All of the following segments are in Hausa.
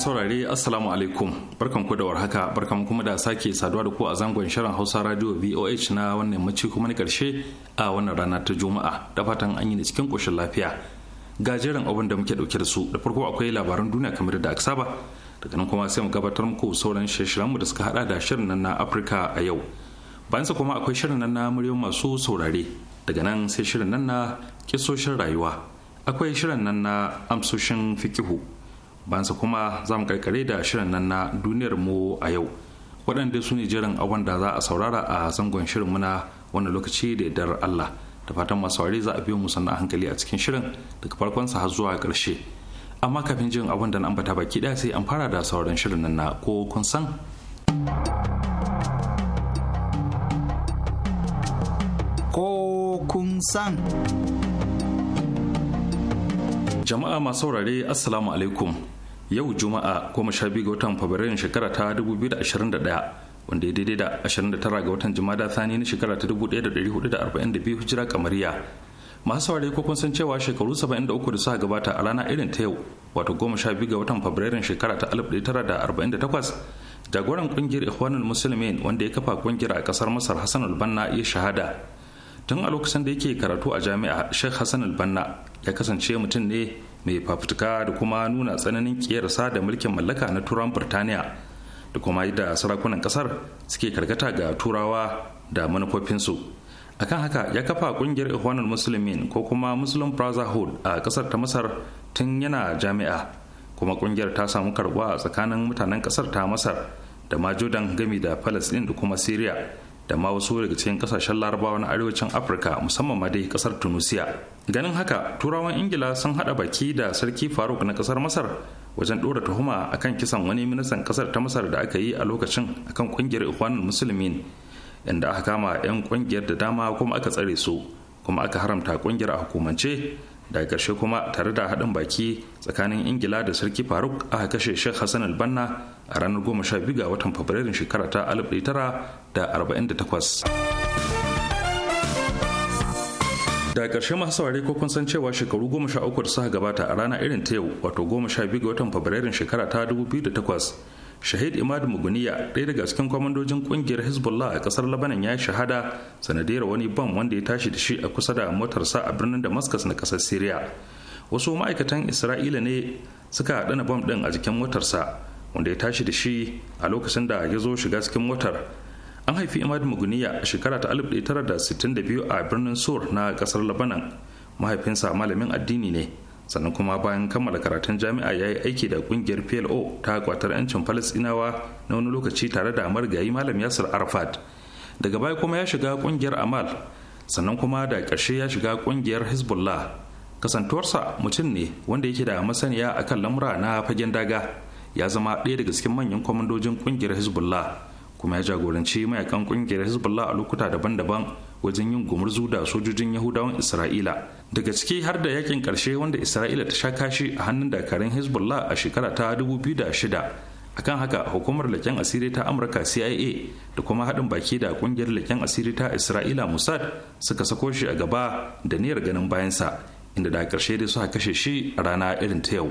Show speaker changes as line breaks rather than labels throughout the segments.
saurare assalamu alaikum barkan ku da warhaka barkan kuma da sake saduwa da ku a zangon shirin hausa radio voh na wannan mace kuma na karshe a wannan rana ta juma'a da fatan an yi ne cikin koshin lafiya ga jerin abin da muke dauke da su da farko akwai labaran duniya kamar da aka saba daga nan kuma sai mu gabatar muku sauran shirye mu da suka hada da shirin nan na afirka a yau bayan sa kuma akwai shirin nan na muryoyin masu saurare daga nan sai shirin nan na kisoshin rayuwa akwai shirin nan na amsoshin fikihu bansa kuma za mu karkare da shirin nan na duniyar mu a yau waɗanda su ne jiran abin da za a saurara a zangon shirin muna wannan lokaci da dar Allah da fatan masu saurare za a biyo mu sannan hankali a cikin shirin daga farkon sa har zuwa ƙarshe amma kafin jin abin da na ambata baki ɗaya sai an fara da sauran shirin nan na ko kun san ko kun san jama'a masu saurare assalamu alaikum yau juma'a goma sha biyu ga watan fabrairun shekara ta 2021 wanda ya daidai da 29 ga watan jumada Sani na shekara ta 1442 hijira kamariya masu saurare ko kun san cewa shekaru 73 da suka gabata a rana irin ta yau wato goma sha biyu ga watan fabrairun shekara ta 1948 jagoran kungiyar ikhwanul musulmin wanda ya kafa kungiyar a kasar masar hassan albanna ya shahada tun a lokacin da yake karatu a jami'a sheikh hassan albanna ya kasance mutum ne mai fafutuka da kuma nuna tsananin kiyarsa da mulkin mallaka na turan birtaniya da kuma yadda sarakunan kasar suke karkata ga turawa da manufofinsu akan haka ya kafa kungiyar ikhwanul musulmin ko kuma muslim brotherhood a kasar ta masar tun yana jami'a kuma kungiyar ta samu karbuwa a tsakanin mutanen kasar ta masar da majodan gami da palestine da kuma syria da ma wasu daga cikin kasashen larabawa na arewacin afirka musamman ma dai kasar tunisia ganin haka turawan ingila sun hada baki da sarki faruk na kasar masar wajen dora tuhuma akan kisan wani ministan kasar ta masar da aka yi a lokacin akan kungiyar ikhwanul musulmin inda aka kama 'yan kungiyar da dama kuma aka tsare su kuma aka haramta kungiyar a hukumance da ƙarshe kuma tare da haɗin baki tsakanin ingila da sarki faruk aka kashe sheikh hassan albanna a ranar 12 ga watan fabrairun shekara ta 1948 da ƙarshe masu saurari ko kun san cewa shekaru goma sha uku da suka gabata a ranar irin ta yau wato goma sha biyu ga watan fabrairun shekara ta dubu biyu da takwas. shahid imad muguniya ɗaya daga cikin kwamandojin kungiyar hezbollah a ƙasar labanan ya shahada sanadiyar wani bam wanda ya tashi da shi a kusa da motarsa a birnin damascus na ƙasar syria wasu ma'aikatan isra'ila ne suka haɗana bam ɗin a jikin motarsa wanda ya tashi da shi a lokacin da ya zo shiga cikin motar an haifi imad muguniya a shekara ta 1962 a birnin sur na ƙasar labanan mahaifinsa malamin addini ne sannan kuma bayan kammala karatun jami'a ya yi aiki da kungiyar plo ta kwatar 'yancin falasinawa na wani lokaci tare da marigayi malam yasir arfad daga baya kuma ya shiga kungiyar amal sannan kuma da ƙarshe ya shiga kungiyar hezbollah kasantuwarsa mutum ne wanda yake da masaniya a kan lamura na fagen daga ya zama ɗaya daga cikin manyan kwamandojin kungiyar hezbollah kuma ya jagoranci mayakan kungiyar hezbollah a lokuta daban-daban wajen yin gumurzu da sojojin yahudawan isra'ila daga ciki har da yakin karshe wanda isra'ila ta sha kashi a hannun dakarun hezbollah a shekara ta 2006 akan haka hukumar leken asiri ta amurka cia da kuma haɗin baki da ƙungiyar leken asiri ta isra'ila mossad suka sako shi a gaba da niyyar ganin bayansa inda da ƙarshe dai suka kashe shi a rana irin ta yau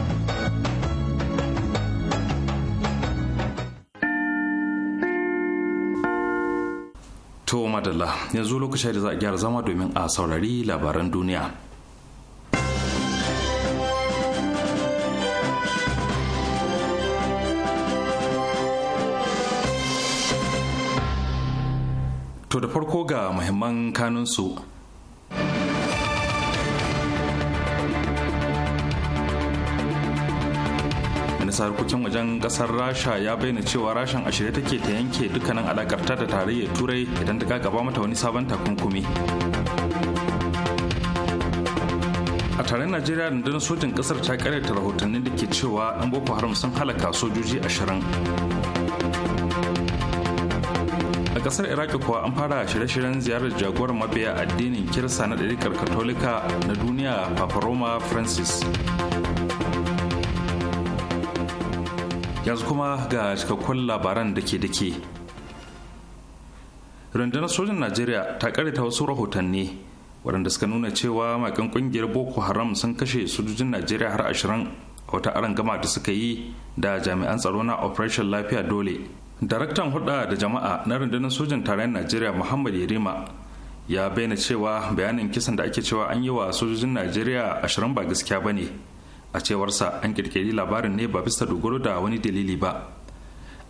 To madalla yanzu lokacin da za a gyara zama domin a saurari labaran duniya. To da farko ga muhimman kanunsu minista harkokin wajen kasar rasha ya bayyana cewa rashin ashirya take ta yanke dukkanin alakarta da tarayyar turai idan ta gaba mata wani sabon takunkumi a taron najeriya rundunar sojin kasar ta karyata rahotanni da ke cewa an boko haram sun halaka sojoji ashirin a kasar iraki kuwa an fara shirye-shiryen ziyarar jagorar mabiya addinin kirista na ɗarikar katolika na duniya papa roma francis yanzu kuma ga cikakkun labaran da ke dake rundunar sojin najeriya ta karita wasu rahotanni waɗanda suka nuna cewa makin ƙungiyar boko haram sun kashe sojojin najeriya har ashirin a wata arangama da suka yi da jami'an tsaro na operation lafiya dole daraktan hulɗa da jama'a na rundunar sojin tarayyar najeriya muhammad yarima ya bayyana cewa bayanin kisan da ake cewa an yi wa sojojin najeriya ashirin ba gaskiya ba ne a cewarsa an kirkiri labarin ne ba bisa dogaro da wani dalili ba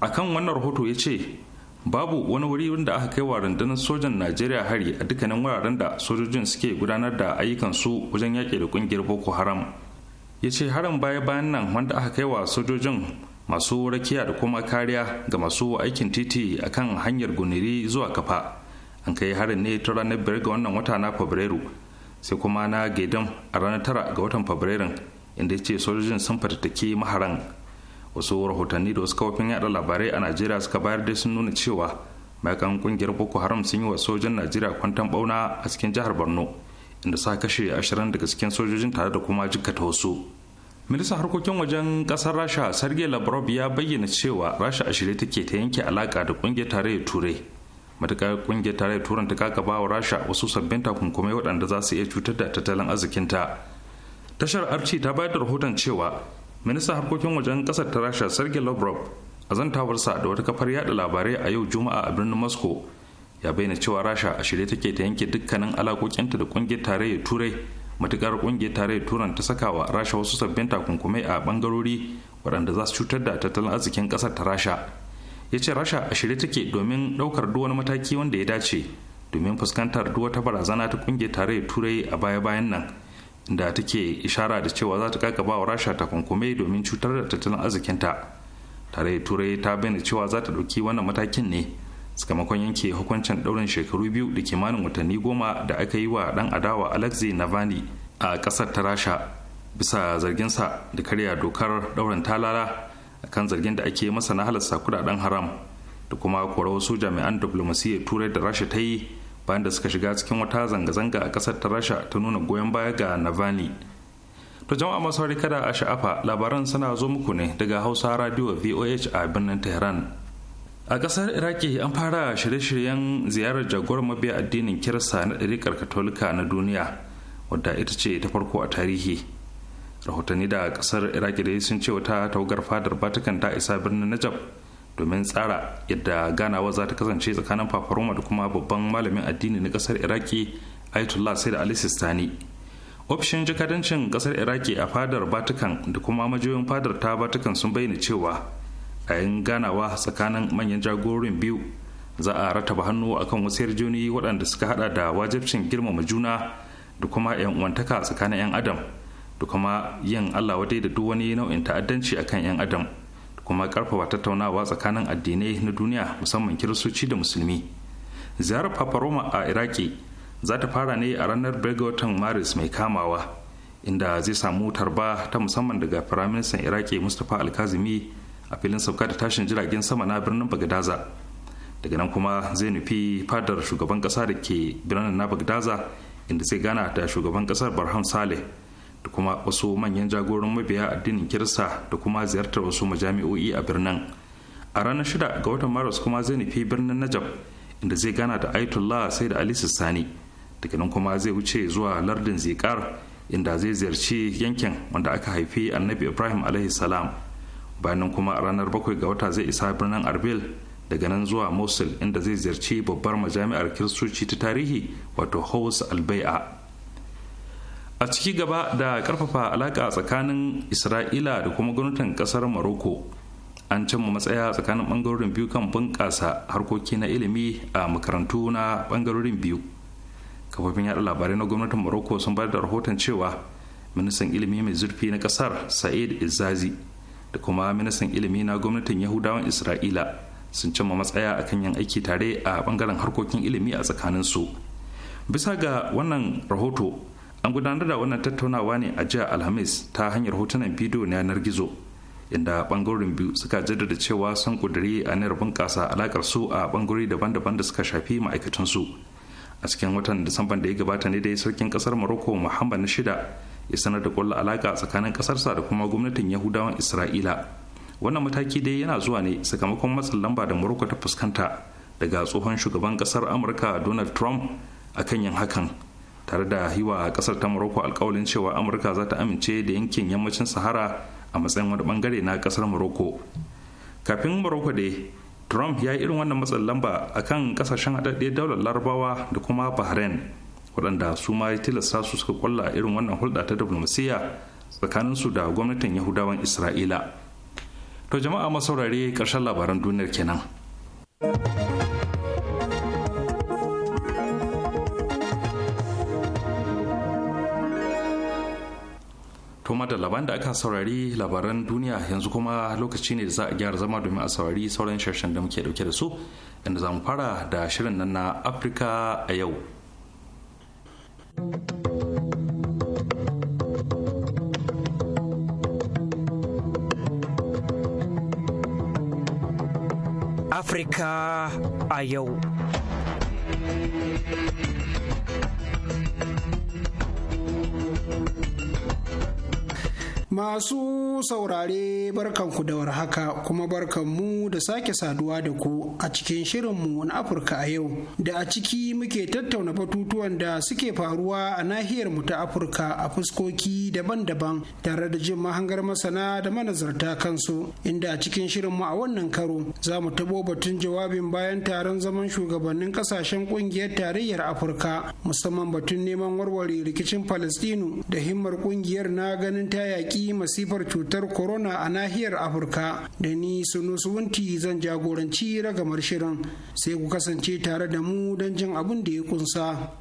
a kan wannan rahoto ya ce babu wani wuri wanda aka kai wa rundunar sojan najeriya hari a dukkanin wuraren da sojojin suke gudanar da ayyukansu wajen yaƙi da ƙungiyar boko haram ya ce harin baya bayan nan wanda aka kai wa sojojin masu rakiya da kuma kariya ga masu aikin titi a kan hanyar guniri zuwa kafa an kai harin ne ta ranar biyar ga wannan wata na fabrairu sai kuma na gaidan a ranar tara ga watan fabrairun inda ya ce sojojin sun fatattake maharan wasu rahotanni da wasu kafofin yada labarai a najeriya suka bayar da sun nuna cewa mayakan kungiyar boko haram sun yi wa sojan najeriya kwantan bauna a cikin jihar borno inda sa kashe ashirin daga cikin sojojin tare da kuma jikata wasu ministan harkokin wajen kasar rasha sergei lavrov ya bayyana cewa rasha a shirye take ta yanke alaka da kungiyar tarayyar turai matuƙar kungiyar tare turan ta kakaba wa rasha wasu sabbin takunkumai waɗanda za su iya cutar da tattalin arzikinta tashar arci ta bayar da rahoton cewa minista harkokin wajen kasar ta rasha sergei lavrov a zantawarsa da wata kafar yada labarai a yau juma'a a birnin moscow ya bayyana cewa rasha a shirye take ta yanke dukkanin alakokinta da kungiyar tarayyar turai matukar kungiyar tarayyar turan ta saka wa rasha wasu sabbin takunkumai a bangarori waɗanda za su cutar da tattalin arzikin ƙasar ta rasha ya ce rasha a shirye take domin ɗaukar duk wani mataki wanda ya dace domin fuskantar duk wata barazana ta kungiyar tarayyar turai a baya-bayan nan da take ishara da cewa za ta kakaba wa rasha takunkume domin cutar da tattalin arzikinta tare turai ta bayyana cewa za ta ɗauki wannan matakin ne sakamakon yanke hukuncin ɗaurin shekaru biyu da kimanin watanni goma da aka yi wa ɗan adawa alexei navalny a kasar ta rasha bisa zarginsa da karya dokar ɗaurin talala akan zargin da ake masa na halasta kudaden haram da kuma korar wasu jami'an diplomasiyyar turai da rasha ta yi bayan da suka shiga cikin wata zanga-zanga a kasar ta rasha ta nuna goyon baya ga navani to jama'a masu kada a sha'afa labaran suna zo muku ne daga hausa radio voh a birnin tehran a kasar iraki an fara shirye-shiryen ziyarar jagorar mabiya addinin kirista na ɗarikar katolika na duniya wadda ita ce ta farko a tarihi rahotanni da kasar iraki dai sun ce wata tawagar fadar batikan ta isa birnin najab domin tsara yadda ganawa za ta kasance tsakanin fafaroma da kuma babban malamin addini na kasar iraki ayatollah sai da alisistani ofishin jakadancin kasar iraki a fadar batukan da kuma majiyoyin fadar ta batukan sun bayyana cewa a yin ganawa tsakanin manyan jagororin biyu za a rataba hannu a kan wasu yarjejeniyoyi waɗanda suka hada da wajibcin girmama juna da kuma 'yan uwantaka tsakanin 'yan adam da kuma yin allah wadai da duk wani nau'in ta'addanci akan 'yan adam kuma karfafa tattaunawa tsakanin addinai na duniya musamman kiristoci da musulmi ziyarar papa roma a iraki za ta fara ne a ranar ga watan maris mai kamawa inda zai samu tarba ta musamman daga firaministan iraki mustapha alkazimi a filin sauka da tashin jiragen sama na birnin bagdaza daga nan kuma zai nufi fadar shugaban kasa da ke birnin na bagdaza inda zai gana da shugaban kasar barham saleh da kuma wasu manyan jagoran mabiya addinin kirista da kuma ziyartar wasu majami'o'i a birnin a ranar shida ga watan maris kuma zai nufi birnin najab inda zai gana da ayatollah sai da ali sani daga nan kuma zai wuce zuwa lardin zikar inda zai ziyarci yankin wanda aka haifi annabi ibrahim alaihi salam bayan kuma a ranar bakwai ga wata zai isa birnin arbil daga nan zuwa mosul inda zai ziyarci babbar majami'ar kiristoci ta tarihi wato hos albai'a a ciki gaba da karfafa alaka tsakanin isra'ila da kuma gwamnatin kasar maroko an cimma matsaya tsakanin bangarorin biyu kan bunƙasa harkoki na ilimi a makarantu na bangarorin biyu kafofin yada labarai na gwamnatin maroko sun bayar da rahoton cewa ministan ilimi mai zurfi na kasar sa'id izazi da kuma ministan ilimi na gwamnatin yahudawan isra'ila sun cimma matsaya a kan yin aiki tare a bangaren harkokin ilimi a tsakaninsu bisa ga wannan rahoto an gudanar da wannan tattaunawa ne a jiya alhamis ta hanyar hotunan bidiyo na yanar gizo inda bangarorin biyu suka jaddada cewa sun kudiri a nayar bunƙasa alakar su a bangarori daban-daban da suka shafi ma'aikatansu a cikin watan disamban da ya gabata ne dai sarkin kasar morocco muhammad na shida ya sanar da kwallo alaka tsakanin kasarsa da kuma gwamnatin yahudawan isra'ila wannan mataki dai yana zuwa ne sakamakon matsin lamba da morocco ta fuskanta daga tsohon shugaban kasar amurka donald trump a kan yin hakan tare da yi wa kasar ta morocco alkawalin cewa amurka za ta amince da yankin yammacin sahara a matsayin wani bangare na kasar morocco kafin morocco dai trump ya yi irin wannan matsin lamba a kan kasashen haɗaɗɗiyar daular larabawa da kuma bahrain waɗanda su ma tilasta su suka kwalla irin wannan hulɗa ta diplomasiyya su da gwamnatin yahudawan isra'ila to jama'a masaurare ƙarshen labaran duniyar kenan. da labaran da aka saurari labaran duniya yanzu kuma lokaci ne da za a gyara zama domin a saurari sauran sharshen da muke dauke da su inda za mu fara da shirin nan na
Afirka a yau. Afirka
a yau. Masu saurare barkanku da warhaka kuma barkanmu da sake saduwa da ku a cikin shirinmu na Afirka a yau da a ciki muke tattauna batutuwan da suke faruwa a nahiyar mu ta Afirka a fuskoki daban-daban tare da jin mahangar masana da manazarta kansu inda a cikin shirinmu a wannan karo za mu tabo batun jawabin bayan taron zaman shugabannin kasashen kungiyar tarayyar Afirka musamman batun neman warware rikicin Falastinu da himmar kungiyar na ganin ta yaƙi yaƙi masifar cutar corona a nahiyar afirka da ni suno wunti zan jagoranci ragamar shirin sai ku kasance tare da mu don jin abin da ya kunsa.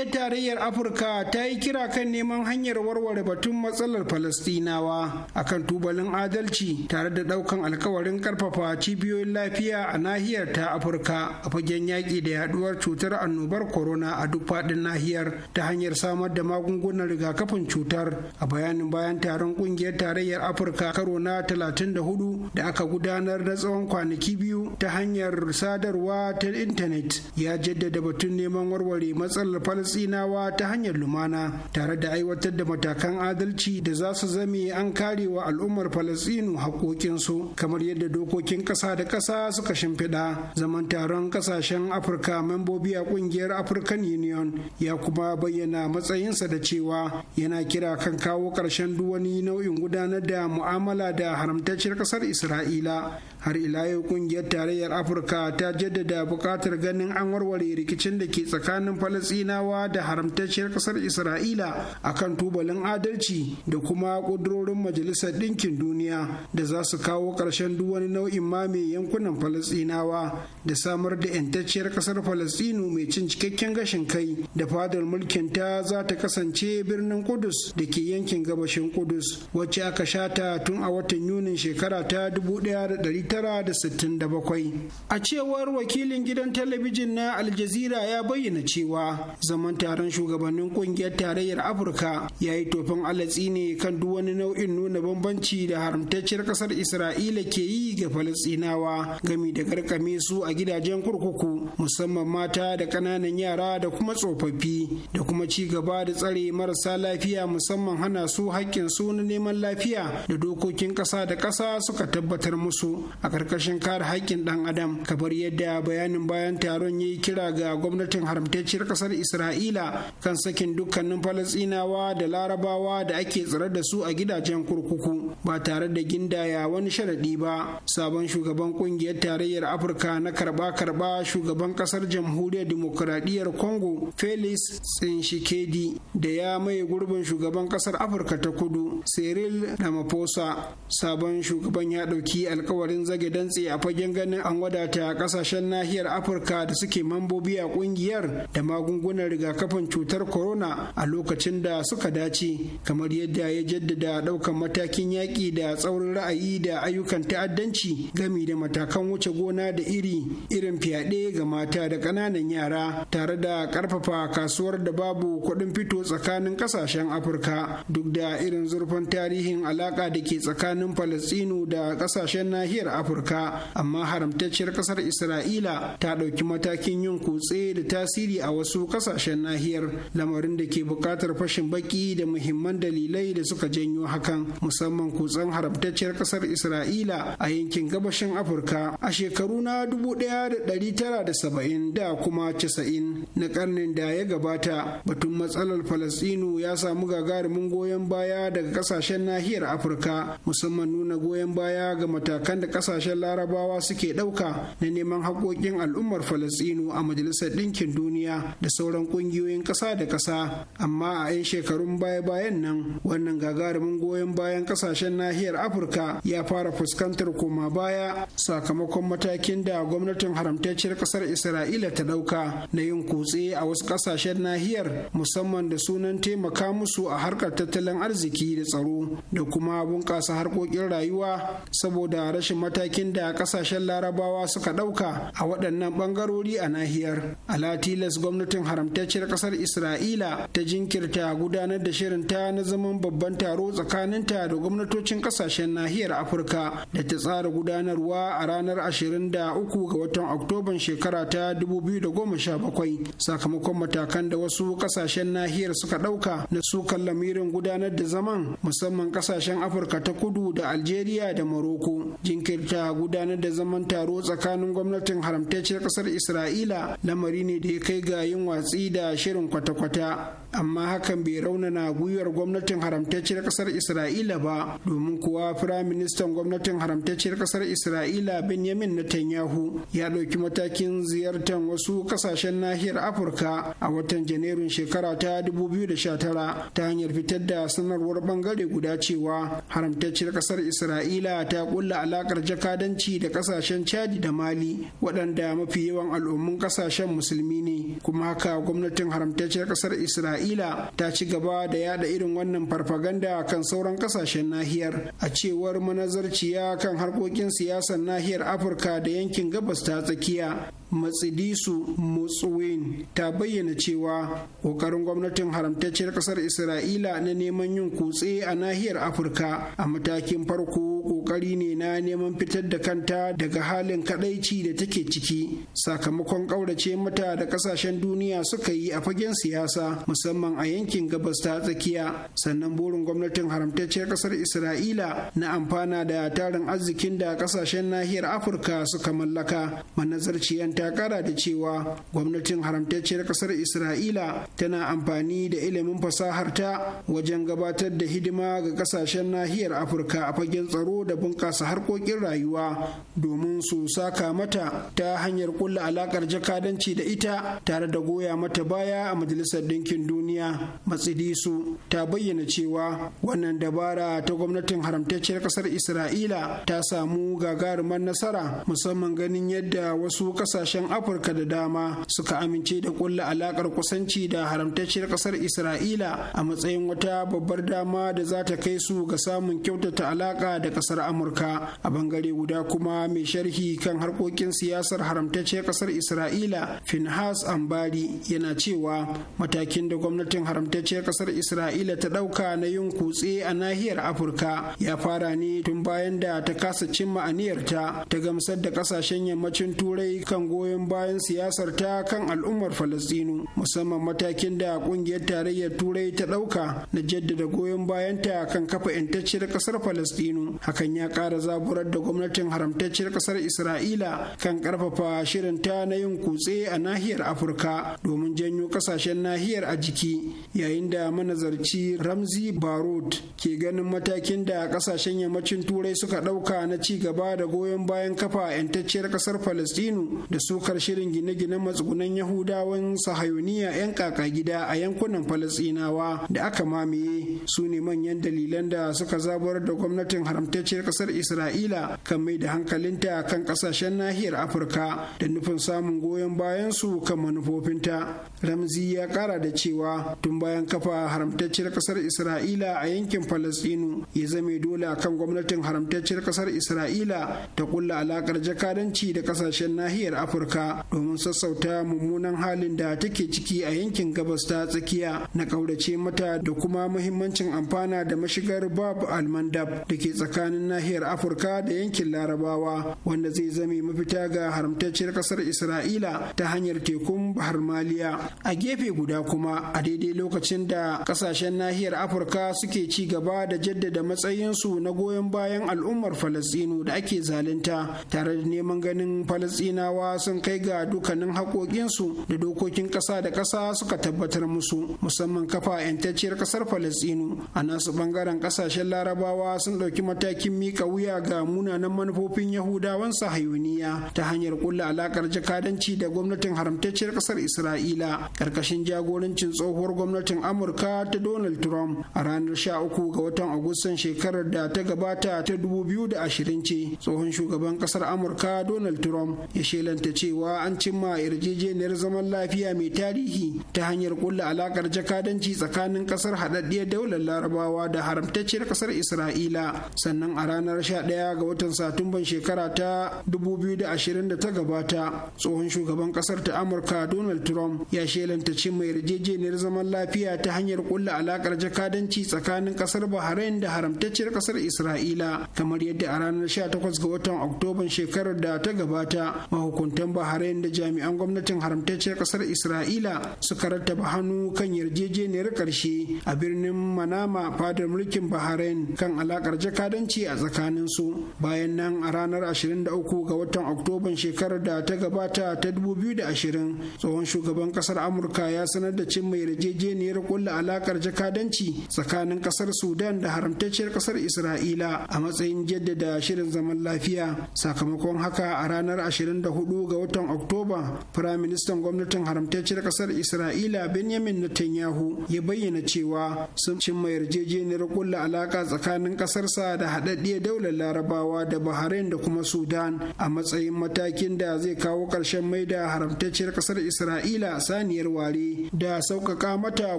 Ƙungiyar Tarayyar Afirka ta yi kira kan neman hanyar warware batun matsalar Falastinawa akan tubalin adalci tare da ɗaukan alkawarin ƙarfafa cibiyoyin lafiya a nahiyar ta Afirka a fagen yaƙi da yaduwar cutar annobar corona a duk faɗin nahiyar ta hanyar samar da magungunan rigakafin cutar a bayanin bayan taron Ƙungiyar Tarayyar Afirka karo na 34 da aka gudanar na tsawon kwanaki biyu ta hanyar sadarwa ta intanet ya jaddada batun neman warware matsalar Falastinawa Falasɗinawa ta hanyar lumana tare da aiwatar da matakan adalci da za su zame an kare wa al'ummar Falasinu haƙoƙinsu kamar yadda dokokin ƙasa da ƙasa suka shimfiɗa zaman taron ƙasashen Afirka membobi a ƙungiyar African Union ya kuma bayyana matsayinsa da cewa yana kira kan kawo ƙarshen duwani nau'in gudanar da mu'amala da haramtacciyar ƙasar Isra'ila har ila yau ƙungiyar tarayyar Afirka ta jaddada buƙatar ganin an warware rikicin da ke tsakanin falasinawa. da haramtacciyar ƙasar isra'ila a kan tubalin adalci da kuma ƙudurorin majalisar ɗinkin duniya da za su kawo ƙarshen duk wani nau'in mame yankunan falastinawa da samar da 'yantacciyar ƙasar falasɗinu mai cin cikakken gashin kai da fadar mulkin ta za ta kasance birnin kudus da ke yankin gabashin kudus wacce aka shata tun a watan yunin shekara ta 1967 a cewar wakilin gidan talabijin na aljazira ya bayyana cewa zaman zaman taron shugabannin kungiyar tarayyar afirka ya yi tofin alatsi ne kan duk wani nau'in nuna bambanci da haramtacciyar kasar isra'ila ke yi ga falastinawa gami da karkame su a gidajen kurkuku musamman mata da ƙananan yara da kuma tsofaffi da kuma ci gaba da tsare marasa lafiya musamman hana su haƙƙin su na neman lafiya da dokokin ƙasa da ƙasa suka tabbatar musu a ƙarƙashin kare haƙƙin ɗan adam kamar yadda bayanin bayan taron ya yi kira ga gwamnatin haramtacciyar ƙasar isra'ila isra'ila kan sakin dukkanin falasinawa da larabawa da ake tsare da su a gidajen kurkuku ba tare da gindaya wani sharaɗi ba sabon shugaban kungiyar tarayyar afirka na karba-karba shugaban kasar jamhuriyar dimokuraɗiyyar congo felix tsinshikedi da ya maye gurbin shugaban kasar afirka ta kudu cyril ramaphosa sabon shugaban ya ɗauki alkawarin zage dantse a fagen ganin an wadata kasashen nahiyar afirka da suke mambobi a kungiyar da magungunan riga rigakafin cutar corona a lokacin da suka dace kamar yadda ya jaddada ɗaukan matakin yaƙi da tsaurin ra'ayi da ayyukan ta'addanci gami da matakan wuce gona da iri irin fyaɗe ga mata da ƙananan yara tare da ƙarfafa kasuwar da babu kuɗin fito tsakanin ƙasashen afirka duk da irin zurfin tarihin alaƙa da ke tsakanin falastinu da ƙasashen nahiyar afirka amma haramtacciyar ƙasar isra'ila ta ɗauki matakin yin kutse da tasiri a wasu ƙasashen ƙasashen nahiyar lamarin da ke buƙatar fashin baki da muhimman dalilai da suka janyo hakan musamman kutsen haramtacciyar ƙasar isra'ila a yankin gabashin afirka a shekaru na 1970 da kuma 90 na ƙarnin da ya gabata batun matsalar falastinu ya samu gagarumin goyon baya daga ƙasashen nahiyar afirka musamman nuna goyon baya ga matakan da ƙasashen larabawa suke ɗauka na neman haƙoƙin al'ummar falastinu a majalisar ɗinkin duniya da sauran kungiyoyin ƙasa da ƙasa amma a 'yan shekarun baya-bayan nan wannan gagarumin goyon bayan ƙasashen nahiyar afirka ya fara fuskantar koma baya sakamakon matakin da gwamnatin haramtacciyar ƙasar isra'ila ta ɗauka na yin kutse a wasu ƙasashen nahiyar musamman da sunan taimaka musu a harkar tattalin arziki da tsaro da kuma bunƙasa harkokin rayuwa saboda rashin matakin da ƙasashen larabawa suka ɗauka a waɗannan ɓangarori a nahiyar a latilas gwamnatin haramtacciyar makwabtaciyar kasar isra'ila ta jinkirta gudanar da shirinta na zaman babban taro tsakaninta da gwamnatocin kasashen nahiyar afirka da ta tsara gudanarwa a ranar 23 ga watan oktoban shekara ta 2017 sakamakon matakan da wasu kasashen nahiyar suka ɗauka na sukan lamirin gudanar da zaman musamman kasashen afirka ta kudu da algeria da Maroko. jinkirta gudanar da zaman taro tsakanin gwamnatin haramtacciyar kasar isra'ila lamari ne da ya kai ga yin watsi da da shirin kwata-kwata amma hakan bai raunana gwiwar gwamnatin haramtacciyar kasar isra'ila ba domin kuwa firaministan gwamnatin haramtacciyar kasar isra'ila benjamin netanyahu ya ɗauki matakin ziyartar wasu ƙasashen nahiyar afirka a watan janairun shekara ta 2019 ta hanyar fitar da sanarwar bangare guda cewa haramtacciyar kasar isra'ila ta kulla alakar jakadanci da ƙasashen chadi da mali waɗanda mafi yawan al'ummun ƙasashen musulmi ne kuma haka gwamnatin haramtacciyar kasar isra'ila isra'ila ta ci gaba da yada irin wannan farfaganda kan sauran kasashen nahiyar a cewar manazarciya kan harkokin siyasar nahiyar afirka da yankin gabas ta tsakiya matsidisu motsuwin ta bayyana cewa ƙoƙarin gwamnatin haramtacciyar ƙasar isra'ila na neman yin kutse a nahiyar afirka a matakin farko ƙoƙari ne na neman fitar da kanta daga halin kaɗaici da take ciki sakamakon ƙaurace mata da ƙasashen duniya suka yi a fagen siyasa musamman a yankin gabas ta tsakiya sannan burin gwamnatin haramtacciyar ƙasar isra'ila na amfana da tarin arzikin da ƙasashen nahiyar afirka suka mallaka manazarciyanta ta kara da cewa gwamnatin haramtacciyar kasar isra'ila tana amfani da ilimin fasaharta wajen gabatar da hidima ga kasashen nahiyar afirka a fagen tsaro da bunƙasa harkokin rayuwa domin su saka mata ta hanyar kulla alakar jakadanci da ita tare da goya mata baya a majalisar Dinkin duniya matsidisu ta bayyana cewa wannan dabara ta gwamnatin haramtacciyar kasar isra'ila ta samu gagarumar nasara musamman ganin yadda wasu kasashen kasashen afirka da dama suka amince da kulla alakar kusanci da haramtacciyar kasar isra'ila a matsayin wata babbar dama da za ta kai su ga samun kyautata alaka da kasar amurka a bangare guda kuma mai sharhi kan harkokin siyasar haramtacciyar kasar isra'ila finhas ambari yana cewa matakin da gwamnatin haramtacciyar kasar isra'ila ta ɗauka na yin kutse a nahiyar afirka ya fara ne tun bayan da ta kasa cimma aniyarta ta gamsar da kasashen yammacin turai kan goyon bayan siyasar ta kan al'ummar falastinu musamman matakin da kungiyar tarayyar turai ta ɗauka na jaddada goyon bayan ta kan kafa 'yantacciyar ƙasar falastinu hakan ya ƙara zaburar da gwamnatin haramtacciyar ƙasar isra'ila kan ƙarfafa shirin ta na yin kutse a nahiyar afirka domin janyo ƙasashen nahiyar a jiki yayin da manazarci ramzi barod ke ganin matakin da ƙasashen yammacin turai suka ɗauka na ci gaba da goyon bayan kafa 'yantacciyar ƙasar falastinu da sukar shirin gine-ginen matsugunan yahudawan sahayoniya 'yan kaka gida a yankunan falasinawa da aka mamaye su ne manyan dalilan da suka zabar da gwamnatin haramtacciyar kasar isra'ila kan mai da hankalinta kan kasashen nahiyar afirka da nufin samun goyon bayan su kan manufofinta ramzi ya kara da cewa tun bayan kafa haramtacciyar kasar isra'ila a yankin falasinu ya zame dole kan gwamnatin haramtacciyar kasar isra'ila ta kulla alakar jakadanci da kasashen nahiyar afirka Amurka domin sassauta mummunan halin da take ciki a yankin gabas ta tsakiya na ƙaurace mata da kuma muhimmancin amfana da mashigar Bab Almandab da ke tsakanin nahiyar Afirka da yankin Larabawa wanda zai zame mafita ga haramtacciyar ƙasar Isra'ila ta hanyar tekun Bahar Maliya. A gefe guda kuma a daidai lokacin da ƙasashen nahiyar Afirka suke ci gaba da jaddada matsayinsu na goyon bayan al'ummar Falasɗinu da ake zalunta tare da neman ganin Falasɗinawa sun kai ga dukkanin haƙoƙinsu da dokokin ƙasa da ƙasa suka tabbatar musu musamman kafa 'yantacciyar ƙasar falastinu a nasu ɓangaren ƙasashen larabawa sun ɗauki matakin mika wuya ga munanan manufofin yahudawan sahayuniya ta hanyar ƙulla alaƙar jakadanci da gwamnatin haramtacciyar ƙasar isra'ila ƙarƙashin jagorancin tsohuwar gwamnatin amurka ta donald trump a ranar sha uku ga watan agustan shekarar da ta gabata ta dubu biyu da ashirin ce tsohon shugaban ƙasar amurka donald trump ya shelanta da cewa an cimma yarjejeniyar zaman lafiya mai tarihi ta hanyar kulla alakar jakadanci tsakanin kasar haɗaɗɗiyar daular larabawa da haramtacciyar kasar isra'ila sannan a ranar 11 ga watan satumban shekara ta 2020 da ta gabata tsohon shugaban kasar ta amurka donald trump ya shelanta cimma yarjejeniyar zaman lafiya ta hanyar kulla alakar jakadanci tsakanin kasar bahrain da haramtacciyar kasar isra'ila kamar yadda a ranar 18 ga watan oktoban shekarar da ta gabata mahukunta mahukuntan bahrain da jami'an gwamnatin haramtacciyar kasar isra'ila suka rattaba hannu kan yarjejeniyar karshe a birnin manama fadar mulkin bahrain kan alakar jakadanci a tsakanin su bayan nan a ranar 23 ga watan oktoban shekarar da ta gabata ta 2020 tsohon shugaban kasar amurka ya sanar da cimma yarjejeniyar kulla alakar jakadanci tsakanin kasar sudan da haramtacciyar kasar isra'ila a matsayin jaddada shirin zaman lafiya sakamakon haka a ranar 24 ga watan Oktoba, Firaministan gwamnatin haramtacciyar ƙasar Isra'ila Benjamin Netanyahu ya bayyana cewa sun cimma yarjejeniyar kulla alaƙa tsakanin ƙasarsa da haɗaɗɗiyar daular Larabawa da Bahrain da kuma Sudan a matsayin matakin da zai kawo ƙarshen mai da haramtacciyar ƙasar Isra'ila saniyar ware da sauƙaƙa mata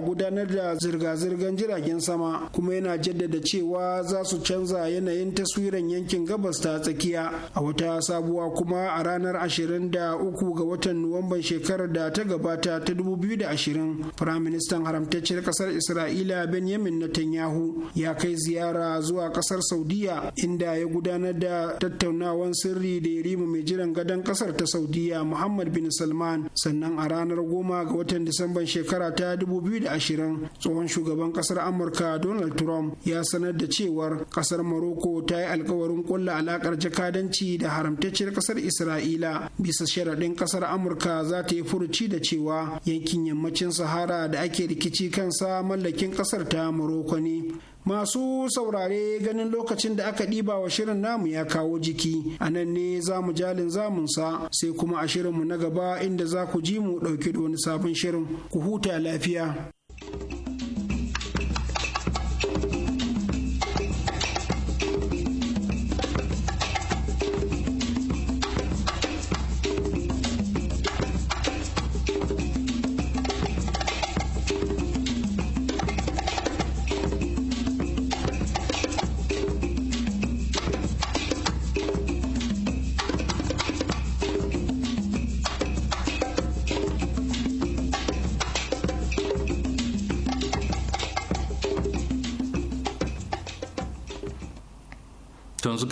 gudanar da zirga-zirgar jiragen sama kuma yana jaddada cewa za su canza yanayin taswiran yankin gabas ta tsakiya a wata sabuwa kuma a ranar ashirin 23 ga watan Nuwamban shekarar da ta gabata ta 2020, Firaministan haramtacciyar ƙasar Isra'ila Benjamin Netanyahu ya kai ziyara zuwa ƙasar Saudiya inda ya gudanar da tattaunawan sirri da yarima mai jiran gadon ƙasar ta Saudiya Muhammad bin Salman sannan a ranar goma ga watan Disamban shekara ta 2020 tsohon shugaban ƙasar Amurka Donald Trump ya sanar da cewar ƙasar Maroko ta yi alkawarin ƙulla alaƙar jakadanci da haramtacciyar ƙasar Isra'ila bisa sharaɗin ƙasar amurka za ta yi furuci da cewa yankin yammacin sahara da ake rikici kansa mallakin ƙasar ta morocco ne Masu saurare ganin lokacin da aka ɗiba wa shirin namu ya kawo jiki, a nan ne za mu jalin zamunsa sai kuma a shirinmu na gaba inda za ku ji mu ɗauki da wani sabon shirin, ku huta lafiya.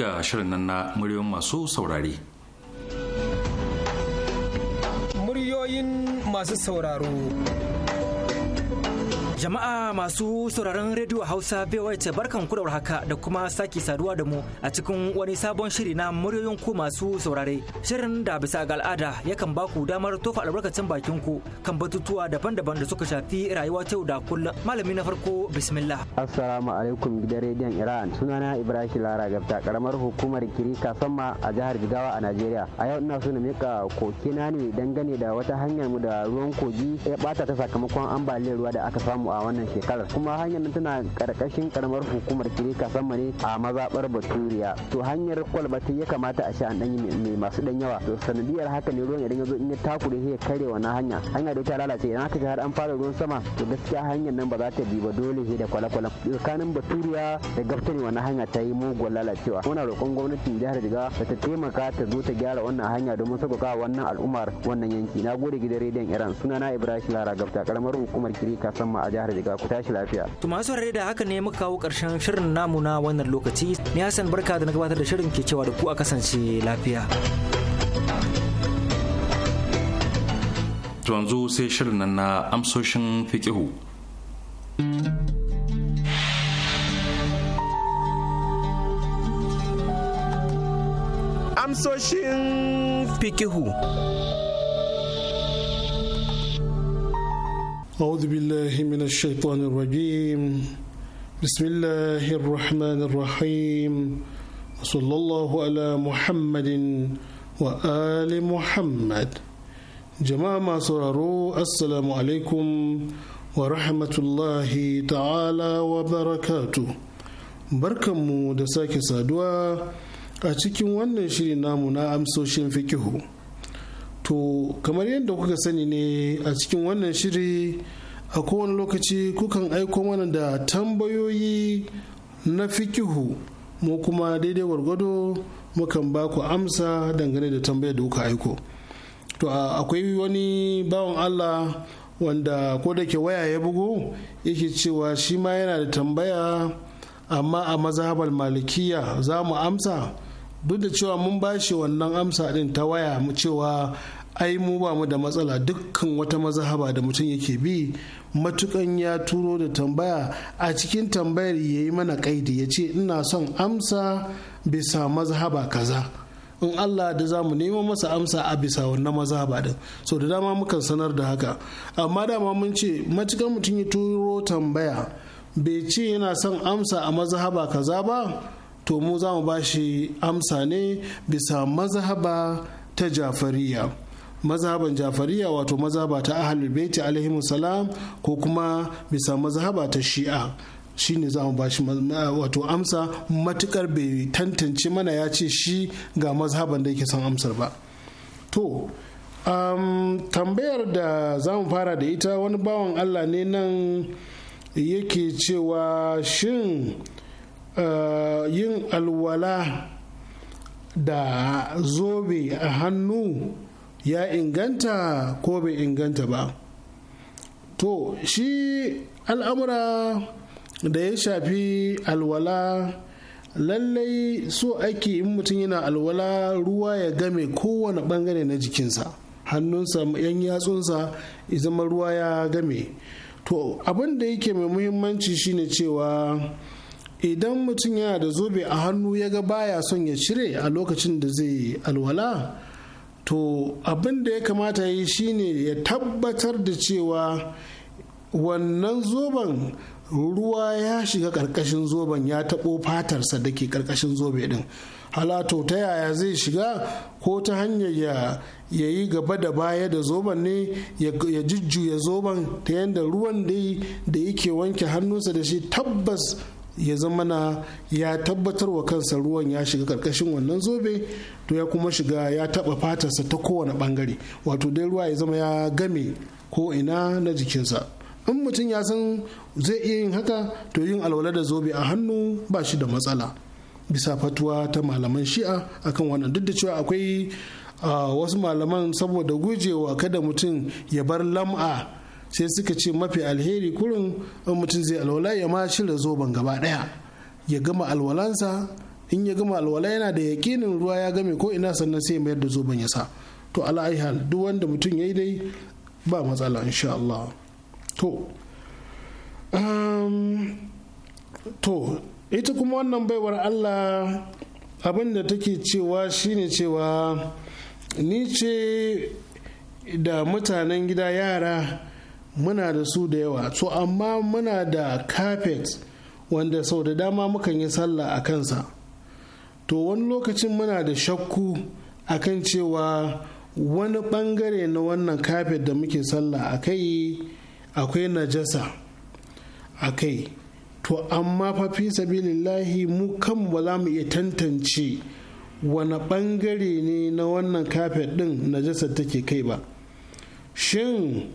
ga shirin nan na muryoyin masu saurare.
Muryoyin masu sauraro. Jama'a masu sauraron rediyo Hausa BOH barkan ku haka da kuma sake saduwa da mu a cikin wani sabon shiri na muryoyin ku masu saurare. Shirin da bisa ga al'ada yakan baku damar tofa albarkacin bakin ku kan batutuwa daban-daban da suka shafi rayuwa ta yau da kullum. Malami na farko bismillah. Assalamu alaikum gidan rediyon Iran. Sunana Ibrahim Lara Gafta karamar hukumar Kirika Samma a jihar Jigawa a Najeriya. A yau ina so na mika kokina ne dangane da wata hanyar mu da ruwan kogi ya bata ta sakamakon ambaliyar ruwa da aka samu a wannan shekarar kuma hanyar nan tana karkashin karamar hukumar kirika sama ne a mazabar baturiya to hanyar kwalbatin ya kamata a sha an danyi mai masu dan yawa to sanadiyar haka ne ruwan idan ya zo in ya takure sai ya kare wannan hanya hanya da ta lalace idan aka har an fara ruwan sama to gaskiya hanyar nan ba za ta bi ba dole sai da kwalakwala tsakanin baturiya da gafta ne wannan hanya ta yi mugun lalacewa muna roƙon gwamnatin jihar Jigawa da ta taimaka ta zo ta gyara wannan hanya domin sauƙaƙa wannan al'ummar wannan yanki na gode gidan rediyon Iran na Ibrahim Lara gafta karamar hukumar Kirika a jihar Jigawa ku tashi lafiya. To masu rare da haka ne muka kawo ƙarshen shirin namu na wannan lokaci. Ni Hassan Barka da na gabatar da shirin ke cewa da ku a kasance lafiya.
To yanzu sai shirin nan na amsoshin fikihu.
Amsoshin fikihu. أعوذ بالله من الشيطان الرجيم بسم الله الرحمن الرحيم وصلى الله على محمد وآل محمد jama'a masu sauraro assalamu alaikum wa rahmatullahi ta'ala wa barakatu barkanmu da sake saduwa a cikin wannan shirin namu na amsoshin fikihu to kamar yadda kuka sani ne a cikin wannan shiri a kowane lokaci kukan aiko mana da tambayoyi na fikihu mu kuma daidai gwargwado mukan ba ku amsa dangane da tambayar da kuka aiko to akwai wani bawan allah wanda ko da ke waya ya bugu yake cewa shi ma yana da tambaya amma a mazhabar malikiya za mu amsa duk da cewa mun bashi wannan amsa din ta waya mu cewa ai mu ba mu da matsala dukkan wata mazahaba da mutum yake bi matukan ya turo da tambaya a cikin tambayar ya yi mana kaidi ya ce ina son amsa bisa mazhaba kaza in Allah da za mu nemo masa amsa a bisa wannan mazahaba din so da dama mukan sanar da haka amma dama mun ce matukan mutum ya turo tambaya bai ce yana son amsa a mazhaba kaza ba to mu za mu ba shi amsa ne bisa mazhaba ta jafariya mazhaban jafariya wato mazhaba ta ahlul baiti alaihi salam ko kuma bisa mazhaba ta shi'a shine za mu bashi wato amsa matukar bai tantance mana ya ce shi ga mazhaban da yake son amsar ba to um, tambayar da za mu fara da ita wani bawan allah ne nan yake cewa shin uh, yin alwala da zobe a hannu ya inganta ko bai inganta ba to shi al'amura da ya shafi alwala lallai so ake in mutum yana alwala ruwa ya game kowane bangare na jikinsa hannunsa yan yatsunsa zama ruwa ya game to abin da yake mai muhimmanci shine cewa idan mutum yana da zobe a hannu ya ga baya son ya cire a lokacin da zai alwala to abin da ya kamata yi shine ya tabbatar da cewa wannan zoben ruwa ya shiga ƙarƙashin zoben ya taɓo fatarsa da ke ƙarƙashin zobe din. halato ta yaya zai shiga ko ta hanyar ya yi gaba da baya da zoben ne ya jujjuya zoben ta yadda ruwan da yake wanke hannunsa da shi tabbas ya zama na ya tabbatar wa kansa ruwan ya shiga karkashin wannan zobe to ya kuma shiga ya taba fatarsa ta kowane bangare wato dai ruwa ya zama ya game ko ina na jikinsa in mutum ya san zai iya yin haka to yin alwala da zobe a hannu ba shi da matsala bisa fatuwa ta malaman shi'a akan wannan duk da cewa akwai ah, wasu malaman saboda gujewa kada mutum ya bar lam'a sai suka ce mafi alheri kurin in mutum zai alwala ya ma shi zoben gaba daya ya gama alwalansa in ya gama alwala yana da yakinin ruwa ya game ko ina sannan sai mayar da zoben ya sa to ala'ihal duk wanda mutum ya yi dai ba matsala insha Allah to um, to ita kuma wannan baiwar Allah abinda take cewa shine cewa ni ce da mutanen gida yara muna da su da yawa to amma muna da carpet wanda sau da dama mukan yi sallah a kansa to wani lokacin muna da shakku a kan cewa wani bangare na wannan kafet da muke sallah a kai akwai najasa a kai to amma fa fi sabilillahi mu kan ba za mu iya tantance wani bangare ne na wannan kafet din najasa take kai ba shin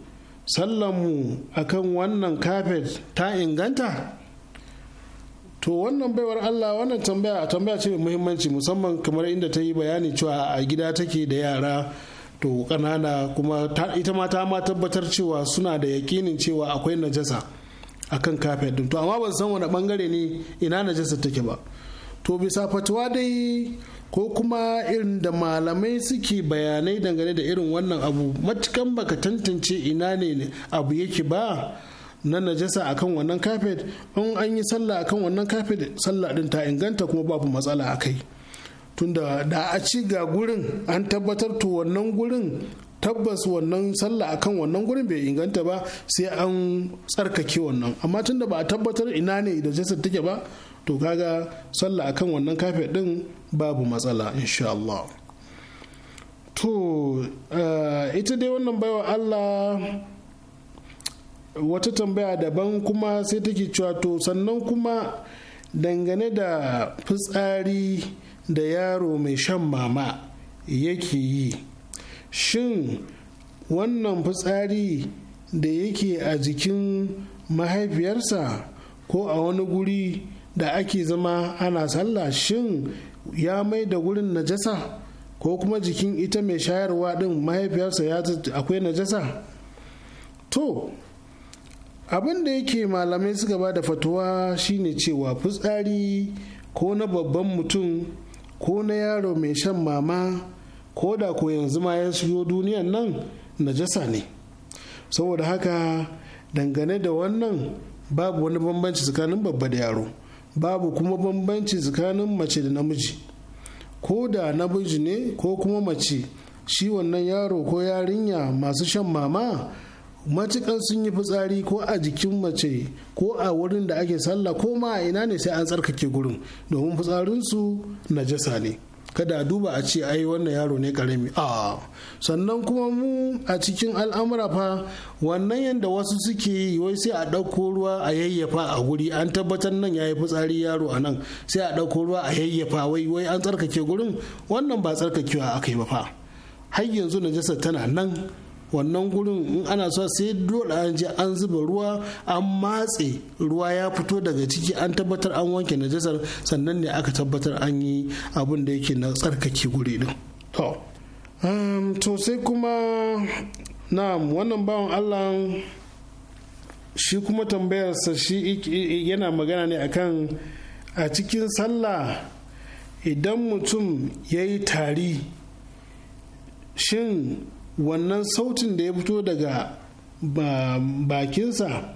sallanmu a kan wannan kafet ta inganta to wannan baiwar allah wannan tambaya a tambaya ce mai muhimmanci musamman kamar inda ta yi bayani cewa a gida take da yara to kanana kuma ita ma ta ma tabbatar cewa suna da yakinin cewa akwai najasa akan kafet din to amma ban san wani bangare ne ina najasa take ba to bisa fatuwa dai ko kuma irin da malamai suke bayanai dangane da irin wannan abu matukan baka tantance ina ne abu yake ba na najasa akan wannan kafet in an yi sallah akan wannan kafet sallah din ta inganta kuma babu matsala a kai tunda da a ci ga gurin an tabbatar to wannan gurin tabbas wannan sallah akan wannan gurin bai inganta ba sai an tsarkake wannan amma tunda ba a tabbatar ina ne da jasad take ba to kaga sallah akan wannan kafet din babu matsala insha Allah to eh, ita dai wannan baiwa Allah wata tambaya daban kuma sai take cewa to sannan kuma dangane da fitsari da yaro mai shan mama yake yi shin wannan fitsari da yake a jikin mahaifiyarsa ko a wani guri da ake zama ana sallah shin ya mai da wurin najasa ko kuma jikin ita mai shayarwa din mahaifiyarsa ya akwai najasa to abin da yake malamai suka ba da fatuwa shine cewa fitsari ko na babban mutum ko na yaro mai shan mama ko da ko yanzu ma ya shigo duniyan nan najasa ne saboda haka dangane da wannan babu wani bambanci tsakanin babba da yaro babu kuma bambanci tsakanin mace da namiji ko da namiji ne ko kuma mace shi wannan yaro ko yarinya masu shan mama matukan sun yi fitsari ko a jikin mace ko a wurin da ake sallah ko ma a ina ne sai an tsarkake gurin domin fitsarinsu najasa ne kada a duba a ce ai wannan yaro ne karami a sannan kuma mu a cikin al'amura fa wannan yadda wasu suke yi wai sai a ɗauko ruwa a yayyafa a guri an tabbatar nan yayi fitsari yaro a nan sai a ɗauko ruwa a yayyafa wai wai an tsarkake gurin wannan ba tsarkakewa aka yi ba fa har yanzu najasar tana nan wannan gurin in ana so sai dole an je an zuba ruwa an matse ruwa ya fito daga ciki an tabbatar an wanke najasar sannan ne aka tabbatar an yi abin da yake na tsarkake guri din to um, to sai kuma na wannan bawan Allah shi kuma tambayarsa shi yana magana ne akan a cikin sallah idan mutum ya yi tari shin wannan sautin da ya fito daga bakinsa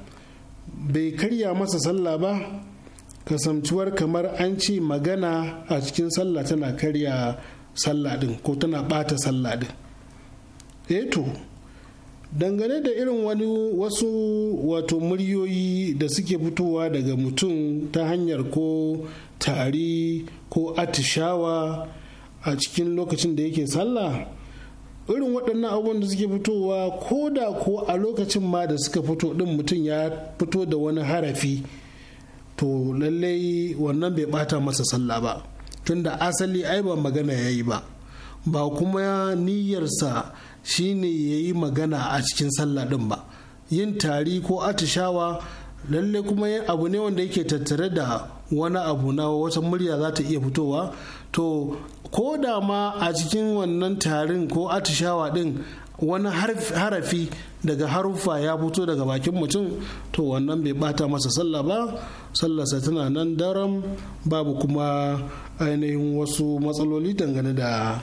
bai karya masa sallah ba kasamtuwar kamar an ce magana a cikin sallah tana karya sallah din ko tana bata sallah din eto eh dangane da irin wani wasu wato muryoyi da suke fitowa daga mutum ta hanyar ko tari ko atishawa a cikin lokacin da yake sallah irin waɗannan abubuwan da suke fitowa ko da ko a lokacin ma da suka fito ɗin mutum ya fito da wani harafi to lallai wannan bai ɓata masa sallah ba tunda asali ai ba magana ya yi ba ba kuma niyyarsa shine ya yi magana a cikin sallah ɗin ba yin tari ko atishawa lallai kuma abu ne wanda yake tattare da wani abu na wata murya za ta iya fitowa to ko da ma a cikin wannan tarin ko atishawa din wani harafi daga haruffa ya fito daga bakin mutum to wannan bai bata masa sallah ba sallarsa tana nan daram babu kuma ainihin wasu matsaloli dangane da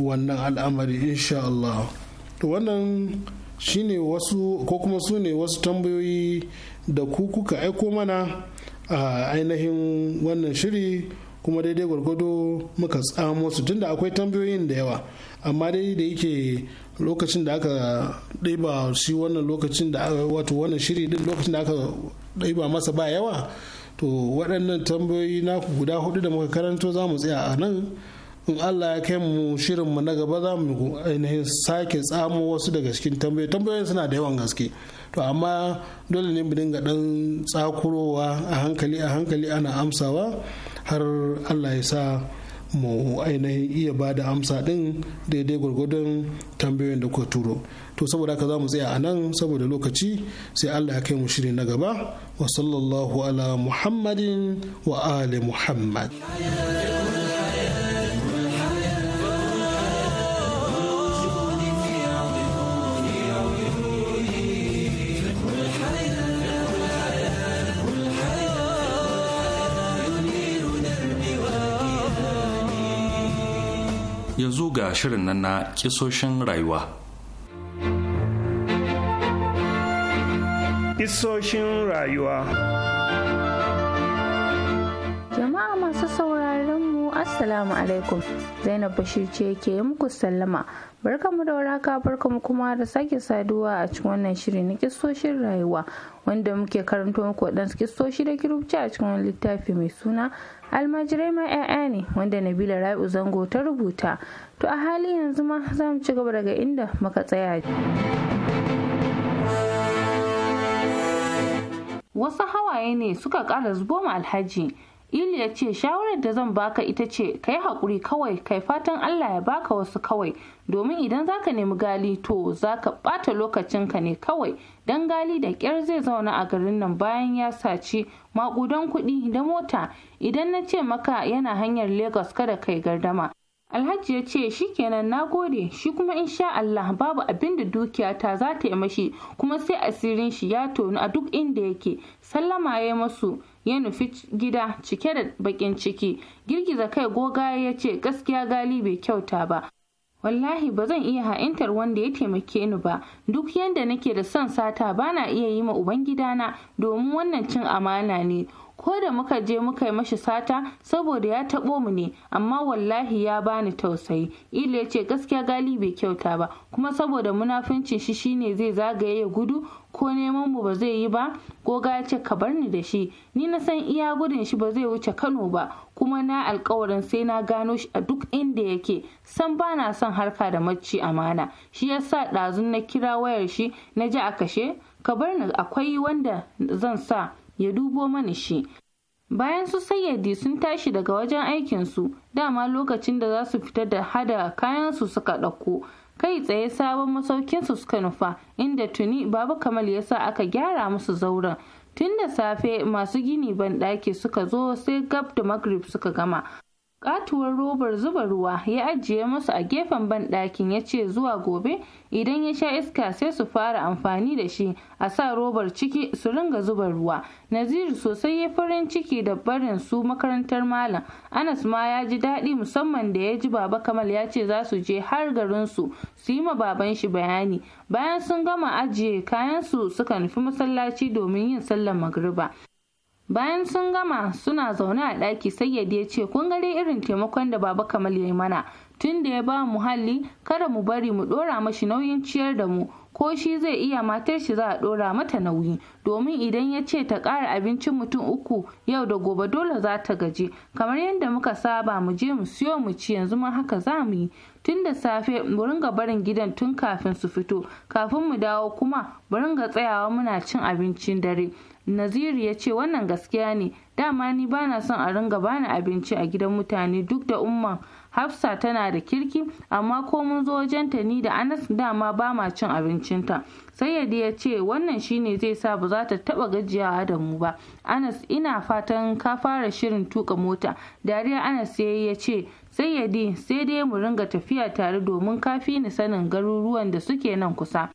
wannan al'amari insha Allah to wannan shine wasu ko kuma su ne wasu tambayoyi da ku kuka aiko mana a ainihin wannan shiri kuma daidai gwargwado muka tsamo su tunda akwai tambayoyin da yawa amma dai da yake lokacin da aka ɗiba shi wannan lokacin da wato wannan shiri din lokacin da aka ɗiba masa ba yawa to waɗannan tambayoyi naku guda hudu da muka karanto za mu tsaya a nan in Allah ya kai mu shirin mu na gaba za mu ainihin sake tsamo wasu daga cikin tambayoyi tambayoyin suna da yawan gaske to amma dole ne mu dinga dan tsakurowa a hankali a hankali ana amsawa har allah ya sa mu ainihin iya ba da amsa din daidai gwargwadon tambayoyin da kuka turo to saboda haka za mu tsaya a nan saboda lokaci sai allah ya kai mu shiri na gaba wa sallallahu ala muhammadin wa ali muhammad
yanzu ga shirin nan na kisoshin rayuwa.
Kisoshin
rayuwa. Assalamu alaikum Zainab Bashir ce ke muku sallama. Barkamu da waraka barkamu kuma da sake saduwa a cikin wannan shiri na kistoshin rayuwa wanda muke karanto muku waɗansu kistoshi da kirubci a cikin wani littafi mai suna almajirai ma 'ya'ya ne wanda Nabila Rabi Zango ta rubuta. To a hali yanzu ma za mu ci gaba daga inda muka tsaya. Wasu hawaye ne suka ƙara zubo ma alhaji Ili ya ce shawarar da zan baka ita ce ka yi haƙuri kawai kai fatan Allah ya baka wasu kawai domin idan zaka nemi gali to zaka ɓata ka ne kawai dan gali da ƙyar zai zauna a garin nan bayan ya saci maƙudan kuɗi da mota idan na ce maka yana hanyar Lagos kada kai gardama. Alhaji ya ce shi kenan na gode shi kuma insha Allah babu abin da dukiyata za ta yi mashi kuma sai asirin shi ya tonu a duk inda yake sallama ya masu ya nufi gida cike da bakin ciki girgiza kai goga ya ce gaskiya gali bai kyauta ba wallahi ba zan iya ha'intar wanda ya taimake ni ba duk yadda nake da son sata bana iya yi ma ubangidana domin wannan cin amana ne ko da muka je muka yi mashi sata saboda ya taɓo mu ne amma wallahi ya bani tausayi ila ya ce gaskiya gali bai kyauta ba kuma saboda munafincin shi shine zai zagaye ya gudu ko neman mu ba zai yi ba koga ya ce ka bar ni da shi ni na san iya gudun shi ba zai wuce kano ba kuma na alkawarin sai na gano shi a duk inda yake san ba na son harka da macci amana shi yasa ɗazun na kira wayar shi na ji a kashe ka bar ni akwai wanda zan sa ya dubo mana shi bayan su sayyadi sun tashi daga wajen aikinsu dama lokacin da za su fita da hada kayansu suka ɗauko kai tsaye sabon masaukinsu suka nufa inda tuni Babu kamal ya sa aka gyara musu zauren tun da safe masu gini ban-ɗaki suka zo sai gab da magrib suka gama katuwar robar zuba ruwa ya ajiye musu a gefen banɗakin ya ce zuwa gobe idan ya sha iska sai su fara amfani da shi a sa robar ciki su ringa zuba ruwa naziru sosai ya farin ciki da barin su makarantar malam anas ma ya ji daɗi musamman da ya ji baba kamal ya ce za su je har garin su su yi ma baban shi bayani bayan sun gama ajiye kayan su suka nufi masallaci domin yin sallar magriba bayan sun gama suna zaune a ɗaki sai ya ce kun gari irin taimakon da baba kamal ya yi mana tun da ya ba muhalli kada mu bari mu ɗora mashi nauyin ciyar da mu ko shi zai iya matar shi za a ɗora mata nauyi domin idan ya ce ta ƙara abincin mutum uku yau da gobe dole za ta gaji kamar yadda muka saba mu je mu siyo mu ci yanzu ma haka za mu yi tun da safe mu ringa barin gidan tun kafin su fito kafin mu dawo kuma mu ringa tsayawa muna cin abincin dare naziru ya ce wannan gaskiya ne dama ni bana son a ringa bani abinci a gidan mutane duk da umman hafsa tana da kirki amma ko mun zo wajenta ni da anas dama ba ma cin abincinta sayyadi ya ce wannan shine zai sa ba za ta taba gajiyawa da mu ba anas ina fatan ka fara shirin tuka mota dariya anas ya ce sayyadi sai dai mu ringa tafiya tare domin kafi ni sanin garuruwan da suke nan kusa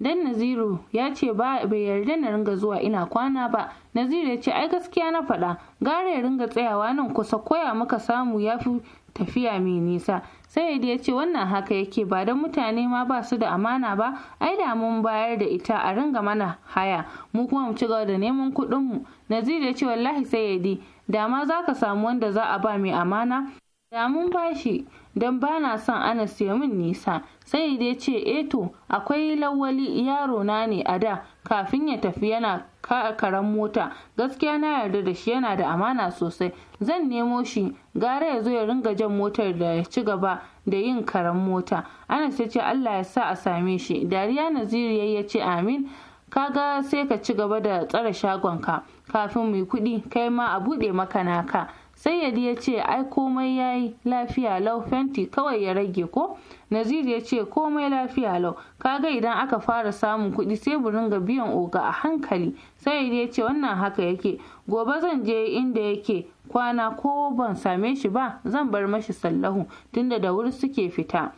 dan naziru ya ce ba bai yarda na ringa zuwa ina kwana ba naziru ya ce ai gaskiya na faɗa gara ya ringa tsayawa nan kusa koya muka samu ya fi tafiya mai nisa sai ya ce wannan haka yake ba don mutane ma ba su da amana ba ai da mun bayar da ita a ringa mana haya mu kuma mu ci gaba da neman kuɗin mu naziru ya ce wallahi sai ya da za ka samu wanda za a ba mai amana Da mun bashi, don ba na son Anas ya min nisa, sai dai ce eto eh to akwai Lawwali na ne a da kafin ya tafi yana karan mota gaskiya na yarda da shi yana da amana sosai zan nemo shi gara ya zo ya ringa jan motar da ya ci gaba da yin karan mota Anas ya ce Allah ya sa a same shi dariya Naziri ya ce amin kaga sai ka ci gaba da tsare shagonka kafin mu yi kuɗi kai ma a buɗe maka naka sai ya ce ai komai ya yi lafiya lau fenti kawai ya rage ko nazir ya ce komai lafiya lau kaga idan aka fara samun kuɗi sai burin ga biyan oga a hankali sayyadi ya ce wannan haka yake gobe zan je inda yake kwana ko ban same shi ba zan bar mashi sallahu tunda da wuri suke fita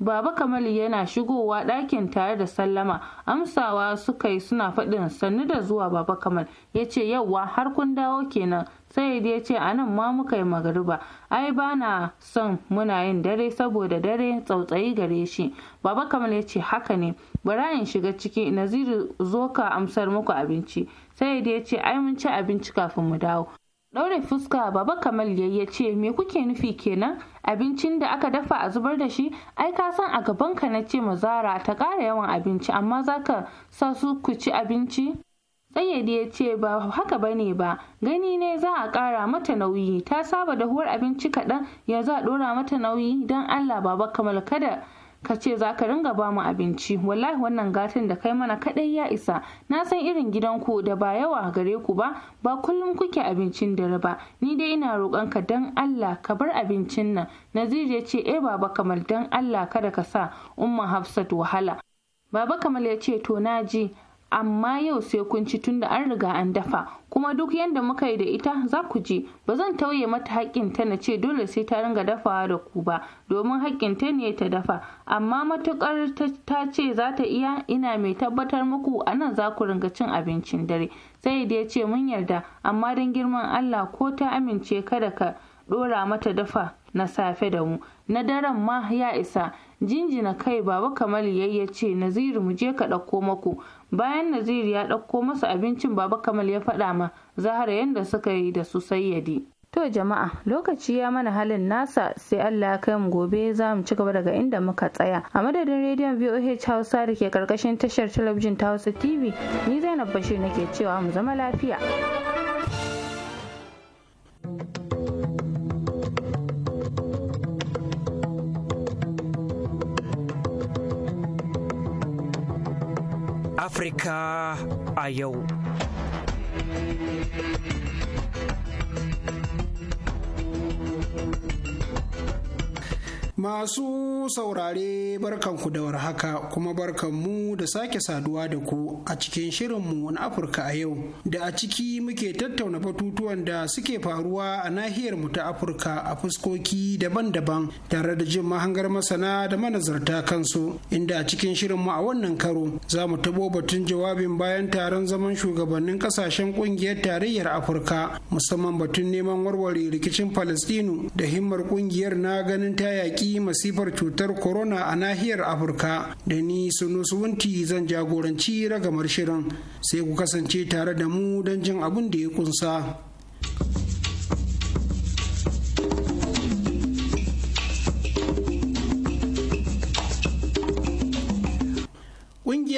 Baba Kamal yana shigowa ɗakin tare da sallama amsawa suka yi suna faɗin sannu da zuwa Baba Kamal yace ce yauwa har kun dawo kenan sai ya ce a nan ma muka yi magariba ai ba na son muna yin dare saboda dare tsautsayi gare shi baba kamal ya ce haka ne bari in shiga ciki naziru zo ka amsar muku abinci sai ya ce ai mun ci abinci kafin mu dawo ɗaure fuska baba kamal ya ce me kuke nufi kenan abincin da aka dafa a zubar da shi ai ka san a gaban ka na ce mazara ta ƙara yawan abinci amma zaka sa su ku ci abinci Sayyid ya ce ba haka ba ne ba, gani ne za a ƙara mata nauyi, ta saba da dahuwar abinci kaɗan yanzu a ɗora mata nauyi don Allah baba kamal kada ka ce za ka ringa ba mu abinci wallahi wannan gatan da kai mana kaɗai ya isa na san irin gidanku da ba yawa gare ku ba ba kullum kuke abincin dare ba ni dai ina roƙon ka dan Allah ka bar abincin nan Nazir ya ce eh baba kamal dan Allah kada ka sa umma Hafsat wahala Baba Kamal ya ce to na ji amma yau sai kun ci tunda an riga an dafa kuma duk yadda muka yi da ita za ku ji ba zan tauye mata haƙƙin na ce dole sai ta ringa dafawa da ku ba domin haƙƙin ne ta dafa amma matuƙar ta ce za ta iya ina mai tabbatar muku a nan za ku ringa cin abincin dare sai da ya ce mun yarda amma don girman Allah ko ta amince kada ka ɗora mata dafa na safe da mu na daren ma ya isa jinjina kai baba kamal yayyace naziru mu je ka ɗauko maku bayan nazir ya ɗauko masu abincin baba kamal ya faɗa ma zahara yadda suka yi da su sayyadi to jama'a lokaci ya mana halin nasa sai allah ya kai mu gobe za mu ci gaba daga inda muka tsaya a madadin rediyon voh hausa da ke karkashin tashar talabijin ta hausa tv ni zainab bashir nake cewa mu zama lafiya
Afirka a yau.
Masu saurare barkan ku da warhaka kuma barkanmu da sake saduwa da ku a cikin shirin mu na Afirka a yau da a ciki muke tattauna batutuwan da suke faruwa a nahiyar mu ta Afirka a fuskoki daban-daban tare da jin mahangar masana da manazarta kansu inda a cikin shirin mu a wannan karo za mu tabo batun jawabin bayan taron zaman shugabannin kasashen kungiyar tarayyar Afirka musamman batun neman warware rikicin Falastinu da himmar kungiyar na ganin ta yaƙi yi masifar cutar corona a nahiyar afirka da ni sunusu wunti zan jagoranci ragamar shirin sai ku kasance tare da mu don jin abin da ya kunsa.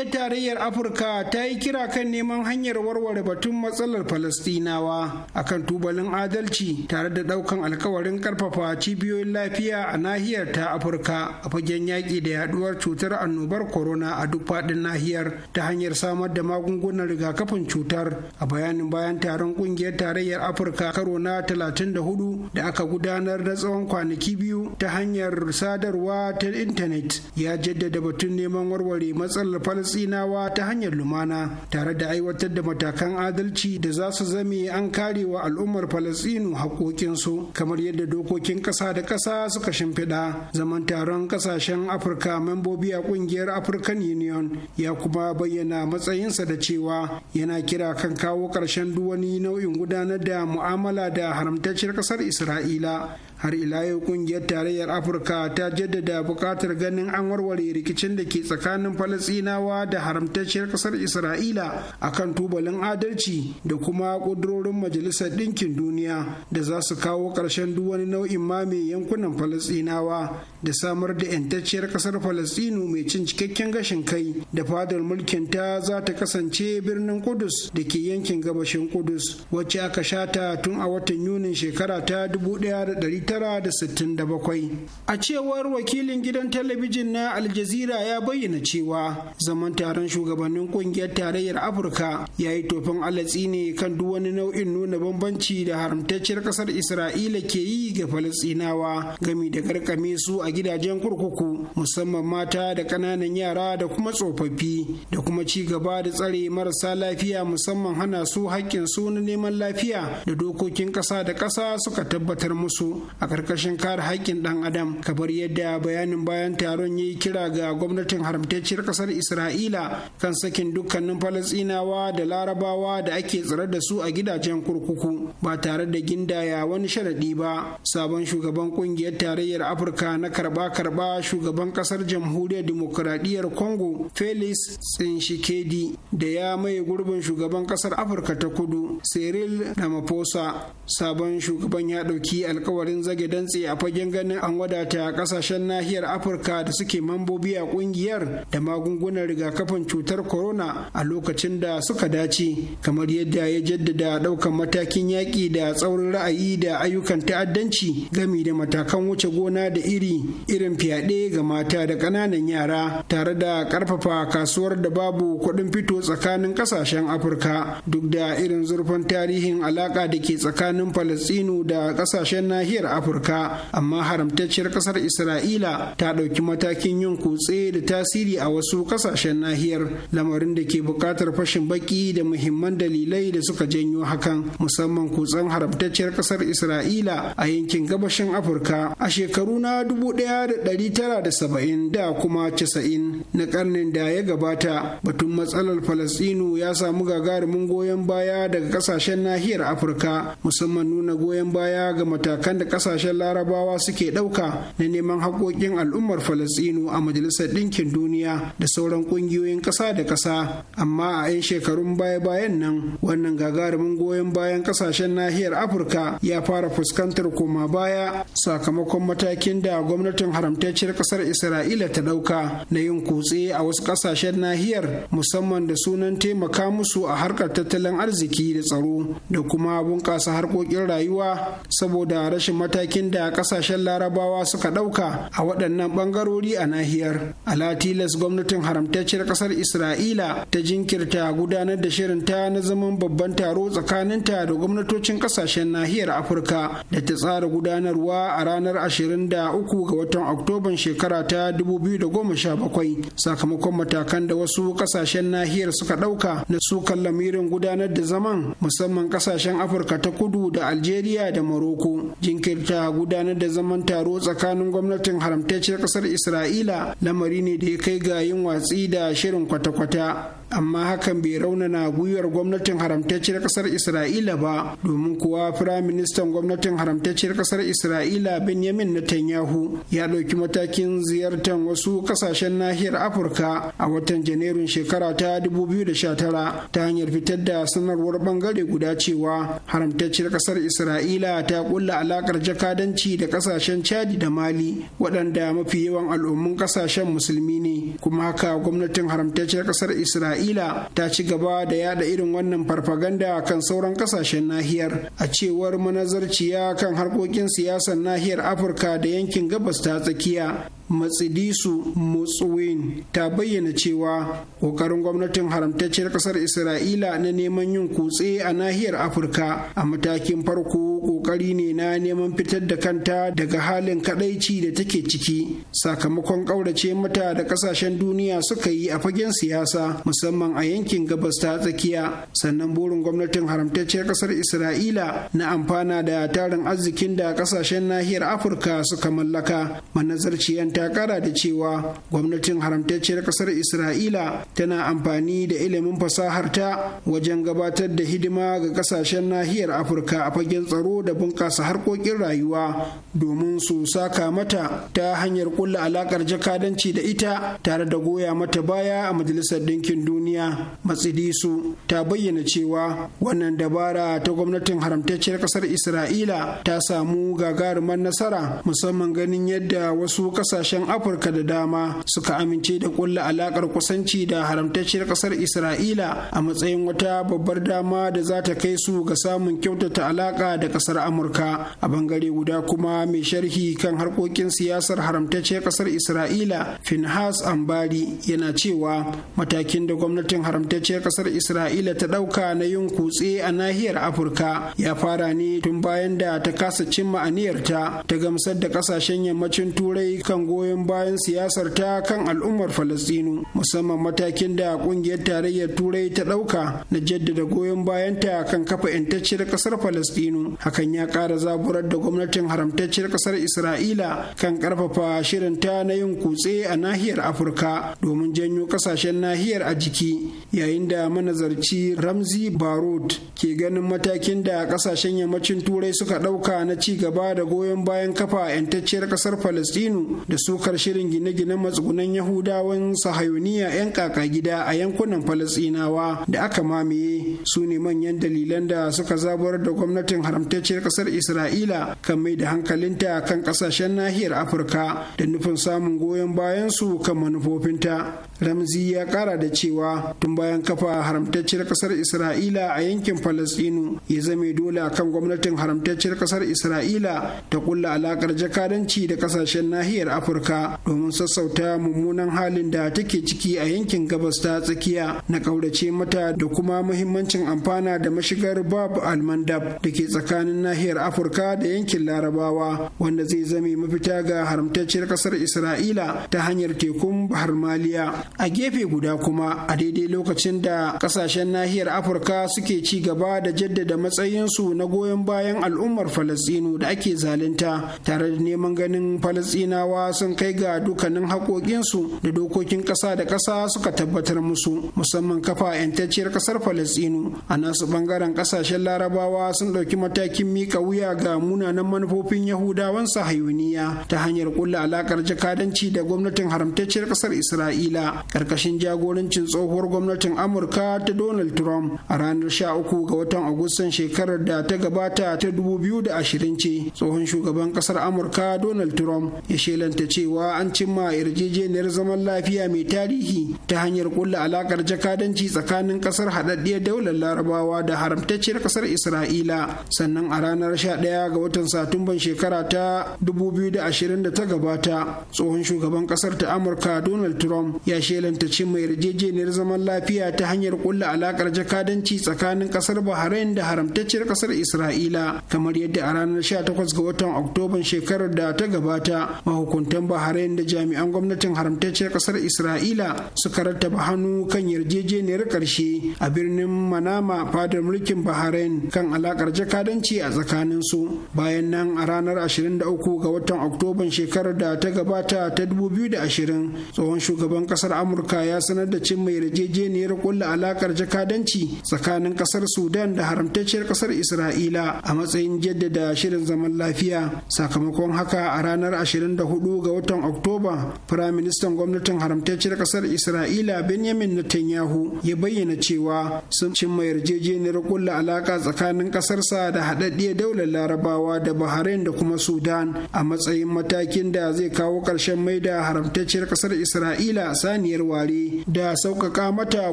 jam'iyyar Tarayyar Afirka ta yi kira kan neman hanyar warware batun matsalar Falastinawa A kan tubalin adalci tare da ɗaukan alkawarin ƙarfafa cibiyoyin lafiya a nahiyar ta Afirka a fagen yaƙi da yaduwar cutar annobar corona a duk faɗin nahiyar ta hanyar samar da magungunan rigakafin cutar a bayanin bayan taron Ƙungiyar Tarayyar Afirka karo na 34 da aka gudanar na tsawon kwanaki biyu ta hanyar sadarwa ta intanet ya jaddada batun neman warware matsalar katsinawa ta hanyar lumana tare da aiwatar da matakan adalci da za su zame an kare wa al'ummar Falasɗinu haƙoƙinsu kamar yadda dokokin ƙasa da ƙasa suka shimfiɗa zaman taron ƙasashen Afirka membobi a ƙungiyar African Union ya kuma bayyana matsayinsa da cewa yana kira kan kawo ƙarshen duk wani nau'in gudanar da mu'amala da haramtacciyar ƙasar Isra'ila har ila yau kungiyar tarayyar afirka ta jaddada buƙatar ganin an warware rikicin da ke tsakanin falasinawa da haramtacciyar kasar isra'ila a kan tubalin adalci da kuma ƙudurorin majalisar ɗinkin duniya da za su kawo ƙarshen duk wani nau'in mame yankunan falasinawa da samar da 'yantacciyar kasar falasinu mai cin cikakken gashin kai da fadar mulkin ta za ta kasance birnin kudus da ke yankin gabashin kudus wacce aka shata tun a watan yunin shekara ta 1900 1967 a cewar wakilin gidan talabijin na aljazira ya bayyana cewa zaman taron shugabannin kungiyar tarayyar afirka ya yi tofin alatsi ne kan duk wani nau'in nuna bambanci da haramtacciyar kasar isra'ila ke yi ga falastinawa gami da karkame su a gidajen kurkuku musamman mata da ƙananan yara da kuma tsofaffi da kuma ci gaba da tsare marasa lafiya musamman hana su haƙƙin su na neman lafiya da dokokin ƙasa da ƙasa suka tabbatar musu a karkashin kare haƙƙin ɗan adam kamar yadda bayanin bayan taron ya yi kira ga gwamnatin haramtacciyar ƙasar isra'ila kan sakin dukkanin falasɗinawa da larabawa da ake tsare da su a gidajen kurkuku ba tare da gindaya wani sharaɗi ba sabon shugaban ƙungiyar tarayyar afirka na karɓa-karɓa shugaban ƙasar jamhuriyar dimokuraɗiyyar congo felix tsinshikedi da ya maye gurbin shugaban ƙasar afirka ta kudu cyril ramaphosa sabon shugaban ya ɗauki alkawarin zage dantse a fagen ganin an wadata a kasashen nahiyar afirka da suke mambobi a kungiyar da magungunan rigakafin cutar corona a lokacin da suka dace kamar yadda ya jaddada daukan matakin yaƙi da tsaurin ra'ayi da ayyukan ta'addanci gami da matakan wuce gona da iri irin fyaɗe ga mata da ƙananan yara tare da ƙarfafa kasuwar da babu kuɗin fito tsakanin ƙasashen afirka duk da irin zurfin tarihin alaƙa da ke tsakanin falastinu da ƙasashen nahiyar afirka afirka amma haramtacciyar kasar isra'ila ta ɗauki matakin yin kutse da tasiri a wasu ƙasashen nahiyar lamarin da ke buƙatar fashin baki da muhimman dalilai da suka janyo hakan musamman kutsen haramtacciyar kasar isra'ila a yankin gabashin afirka a shekaru na 1970 da kuma 90 na karnin da ya gabata batun matsalar falasɗinu ya samu gagarumin goyon baya daga ƙasashen nahiyar afirka musamman nuna goyon baya ga matakan da ƙasa kasashen larabawa suke ɗauka na neman haƙoƙin al'ummar falasɗinu a majalisar ɗinkin duniya da sauran ƙungiyoyin ƙasa da ƙasa amma a 'yan shekarun baya-bayan nan wannan gagarumin goyon bayan kasashen nahiyar afirka ya fara fuskantar koma baya sakamakon matakin da gwamnatin haramtacciyar ƙasar isra'ila ta ɗauka na yin kutse a wasu ƙasashen nahiyar musamman da sunan taimaka musu a harkar tattalin arziki da tsaro da kuma bunƙasa harkokin rayuwa saboda rashin matakin da kasashen larabawa suka ɗauka a waɗannan ɓangarori a nahiyar alatilas gwamnatin haramtacciyar ƙasar isra'ila ta jinkirta gudanar da shirin ta na zaman babban taro tsakanin ta da gwamnatocin ƙasashen nahiyar afirka da ta tsara gudanarwa a ranar 23 ga watan oktoban shekara ta 2017 sakamakon matakan da wasu ƙasashen nahiyar suka ɗauka na sukan lamirin gudanar da zaman musamman ƙasashen afirka ta kudu da algeria da morocco jinkir ta gudanar da zaman taro tsakanin gwamnatin haramtacciyar kasar isra'ila lamari ne da ya kai ga yin watsi da shirin kwata-kwata amma hakan bai raunana gwiwar gwamnatin haramtacciyar kasar isra'ila ba domin kuwa firaministan gwamnatin haramtacciyar kasar isra'ila benjamin netanyahu ya ɗauki matakin ziyartar wasu ƙasashen nahiyar afirka a watan janairun shekara ta 2019 ta hanyar fitar da sanarwar bangare guda cewa haramtacciyar kasar isra'ila ta kulla alakar jakadanci da ƙasashen chadi da mali waɗanda mafi yawan al'ummun ƙasashen musulmi ne kuma haka gwamnatin haramtacciyar kasar isra'ila isra'ila ta ci gaba da yada irin wannan farfaganda kan sauran kasashen nahiyar a cewar manazarciya kan harkokin siyasar nahiyar afirka da yankin gabas ta tsakiya matsidisu motsuwin ta bayyana cewa ƙoƙarin gwamnatin haramtacciyar ƙasar isra'ila na neman yin kutse a nahiyar afirka a matakin farko ƙoƙari ne na neman fitar da kanta daga halin kadaici da take ciki sakamakon ƙaurace mata da ƙasashen duniya suka yi a fagen siyasa musamman a yankin gabas ta tsakiya sannan burin gwamnatin haramtacciyar ƙasar isra'ila na amfana da tarin arzikin da ƙasashen nahiyar afirka suka mallaka manazarciyanta ta kara da cewa gwamnatin haramtacciyar kasar isra'ila tana amfani da ilimin fasahar ta wajen gabatar da hidima ga kasashen nahiyar afirka a fagen tsaro da bunƙasa harkokin rayuwa domin su saka mata ta hanyar kulla alakar jakadanci da ita tare da goya mata baya a majalisar Dinkin duniya matsidisu ta bayyana cewa wannan dabara ta gwamnatin haramtacciyar kasar isra'ila ta samu gagarumar nasara musamman ganin yadda wasu kasashen kasashen afirka da dama suka amince da kulla alakar kusanci da haramtacciyar kasar isra'ila a matsayin wata babbar dama da za ta kai su ga samun kyautata alaka da kasar amurka a bangare guda kuma mai sharhi kan harkokin siyasar haramtacciyar kasar isra'ila finhas ambari yana cewa matakin da gwamnatin haramtacciyar kasar isra'ila ta ɗauka na yin kutse a nahiyar afirka ya fara ne tun bayan da ta kasa cimma aniyarta ta gamsar da kasashen yammacin turai kan goyon bayan siyasar ta kan al'ummar falastinu musamman matakin da kungiyar tarayyar turai ta ɗauka na jaddada goyon bayan ta kan kafa 'yantacciyar ƙasar falastinu hakan ya ƙara zaburar da gwamnatin haramtacciyar ƙasar isra'ila kan ƙarfafa shirin ta na yin kutse a nahiyar afirka domin janyo ƙasashen nahiyar a jiki yayin da manazarci ramzi barod ke ganin matakin da ƙasashen yammacin turai suka ɗauka na ci gaba da goyon bayan kafa 'yantacciyar ƙasar falastinu da sukar shirin gine-ginen matsugunan yahudawan sahayuniya 'yan kaka gida a yankunan falasinawa da aka mamaye su ne manyan dalilan da suka zabar da gwamnatin haramtacciyar kasar isra'ila kan mai da hankalinta kan kasashen nahiyar afirka da nufin samun goyon bayan su kan manufofinta ramzi ya kara da cewa tun bayan kafa haramtacciyar kasar isra'ila a yankin falasinu ya zame dole kan gwamnatin haramtacciyar kasar isra'ila ta kulla alakar jakadanci da kasashen nahiyar afirka afirka domin sassauta mummunan halin da take ciki a yankin gabas ta tsakiya na ƙaurace mata da kuma muhimmancin amfana da mashigar bab almandab da ke tsakanin nahiyar afirka da yankin larabawa wanda zai zame mafita ga haramtacciyar ƙasar isra'ila ta hanyar tekun bahar maliya a gefe guda kuma a daidai lokacin da ƙasashen nahiyar afirka suke ci gaba da jaddada matsayinsu na goyon bayan al'ummar falasɗinu da ake zalunta tare da neman ganin falasɗinawa sun kai ga dukkanin haƙoƙinsu da dokokin ƙasa da ƙasa suka tabbatar musu musamman kafa 'yantacciyar ƙasar falastinu a nasu ɓangaren ƙasashen larabawa sun ɗauki matakin mika wuya ga munanan manufofin yahudawan sahayuniya ta hanyar kulla alaƙar jakadanci da gwamnatin haramtacciyar ƙasar isra'ila ƙarƙashin jagorancin tsohuwar gwamnatin amurka ta donald trump a ranar sha uku ga watan agustan shekarar da ta gabata ta dubu biyu da ashirin ce tsohon shugaban ƙasar amurka donald trump ya shelanta cewa an cimma yarjejeniyar zaman lafiya mai tarihi ta hanyar kulla alakar jakadanci tsakanin kasar haɗaɗɗiyar daular larabawa da haramtacciyar kasar isra'ila sannan a ranar 11 ga watan satumban shekara ta 2020 da ta gabata tsohon shugaban kasar ta amurka donald trump ya shelanta cimma yarjejeniyar zaman lafiya ta hanyar kulla alakar jakadanci tsakanin kasar bahrain da haramtacciyar kasar isra'ila kamar yadda a ranar 18 ga watan oktoban shekarar da ta gabata mahukuntan wajen bahrain da jami'an gwamnatin haramtacciyar kasar isra'ila suka rattaba hannu kan yarjejeniyar karshe a birnin manama fadar mulkin bahrain kan alakar jakadanci a tsakanin su bayan nan a ranar 23 ga watan oktoban shekarar da ta gabata ta 2020 tsohon shugaban kasar amurka ya sanar da cin mai yarjejeniyar kulla alakar jakadanci tsakanin kasar sudan da haramtacciyar kasar isra'ila a matsayin jaddada shirin zaman lafiya sakamakon haka a ranar 24 ga ga watan Oktoba, Firaministan gwamnatin haramtacciyar ƙasar Isra'ila Benjamin Netanyahu ya bayyana cewa sun cimma yarjejeniyar kulla alaƙa tsakanin ƙasarsa da haɗaɗɗiyar daular Larabawa da Bahrain da kuma Sudan a matsayin matakin da zai kawo ƙarshen maida haramtacciyar ƙasar Isra'ila saniyar ware da sauƙaƙa mata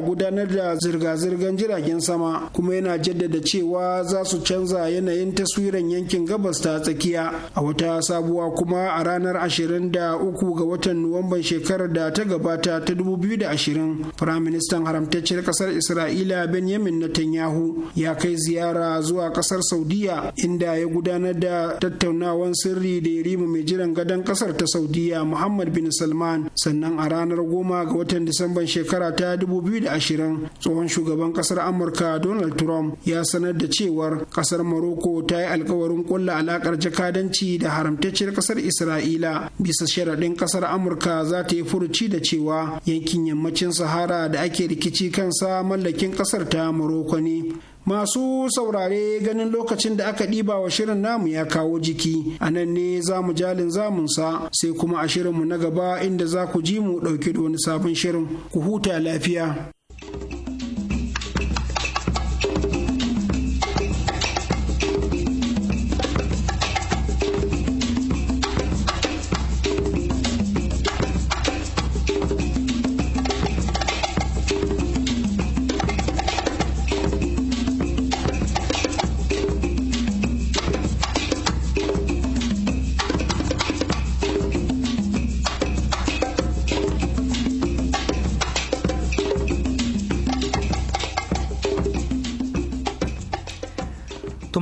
gudanar da zirga-zirgar jiragen sama kuma yana jaddada cewa za su canza yanayin taswiran yankin gabas ta tsakiya a wata sabuwa kuma a ranar ashirin da uku ga watan Nuwamban shekarar da ta gabata ta 2020, Firaministan haramtacciyar ƙasar Isra'ila Benjamin Netanyahu ya kai ziyara zuwa ƙasar Saudiya inda ya gudanar da tattaunawan sirri da Yarima mai jiran gadon ƙasar ta Saudiya Muhammad bin Salman sannan a ranar goma ga watan Disamban shekara ta 2020 tsohon shugaban ƙasar Amurka Donald Trump ya sanar da cewar ƙasar Morocco ta yi alkawarin ƙulla alaƙar jakadanci da haramtacciyar ƙasar Isra'ila bisa majalisar sharaɗin ƙasar amurka za ta yi furuci da cewa yankin yammacin sahara da ake rikici kansa mallakin ƙasar ta morocco ne masu saurare ganin lokacin da aka ɗiba wa shirin namu ya kawo jiki a nan ne za mu jalin zamunsa sai kuma a shirinmu na gaba inda za ku ji mu ɗauki da wani sabon shirin ku huta lafiya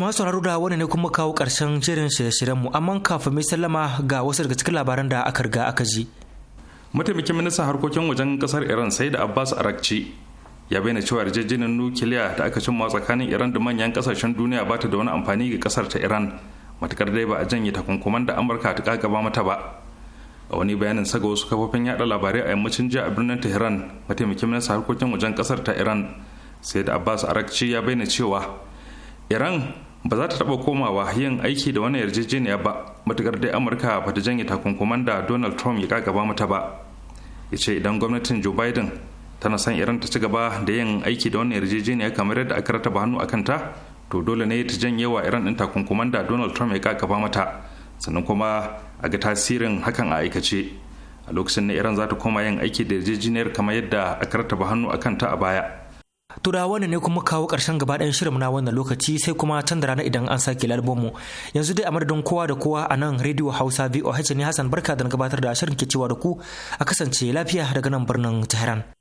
masu sauraro da wani ne kuma kawo ƙarshen shirin shirye-shiryen mu amma kafin mai sallama ga wasu daga cikin labaran da aka riga aka ji.
Mataimakin ministan harkokin wajen kasar Iran sai da Abbas Arakci ya bayyana cewa yarjejeniyar nukiliya da aka cimma tsakanin Iran da manyan kasashen duniya ba ta da wani amfani ga kasar ta Iran matakar dai ba a janye takunkuman da Amurka ta kagaba mata ba. a wani bayanin saga wasu kafofin yada labarai a yammacin jiya a birnin tehran mataimakin ministan harkokin wajen kasar ta iran sai da abbas arakci ya bayyana cewa iran ba za ta taɓa komawa yin aiki da wani yarjejeniya ba matukar dai amurka ba ta janye takunkuman da donald trump ya gaba mata ba ya ce idan gwamnatin joe biden tana son iran ta ci gaba da yin aiki da wani yarjejeniya kamar yadda aka rataba hannu a kanta to dole ne ta janye wa iran din takunkuman da donald trump ya gaba mata sannan kuma a ga tasirin hakan a aikace a lokacin na iran za ta koma yin aiki da yarjejeniyar kamar yadda aka rataba hannu a kanta a baya
turawa ne kuma kawo ƙarshen gaba ɗayan shirin na wannan lokaci sai kuma can da rana idan an sake mu yanzu dai a madadin kowa da kowa a nan rediyo hausa voh ne hassan barka da gabatar da shirin ke cewa da ku a kasance lafiya daga nan birnin tehran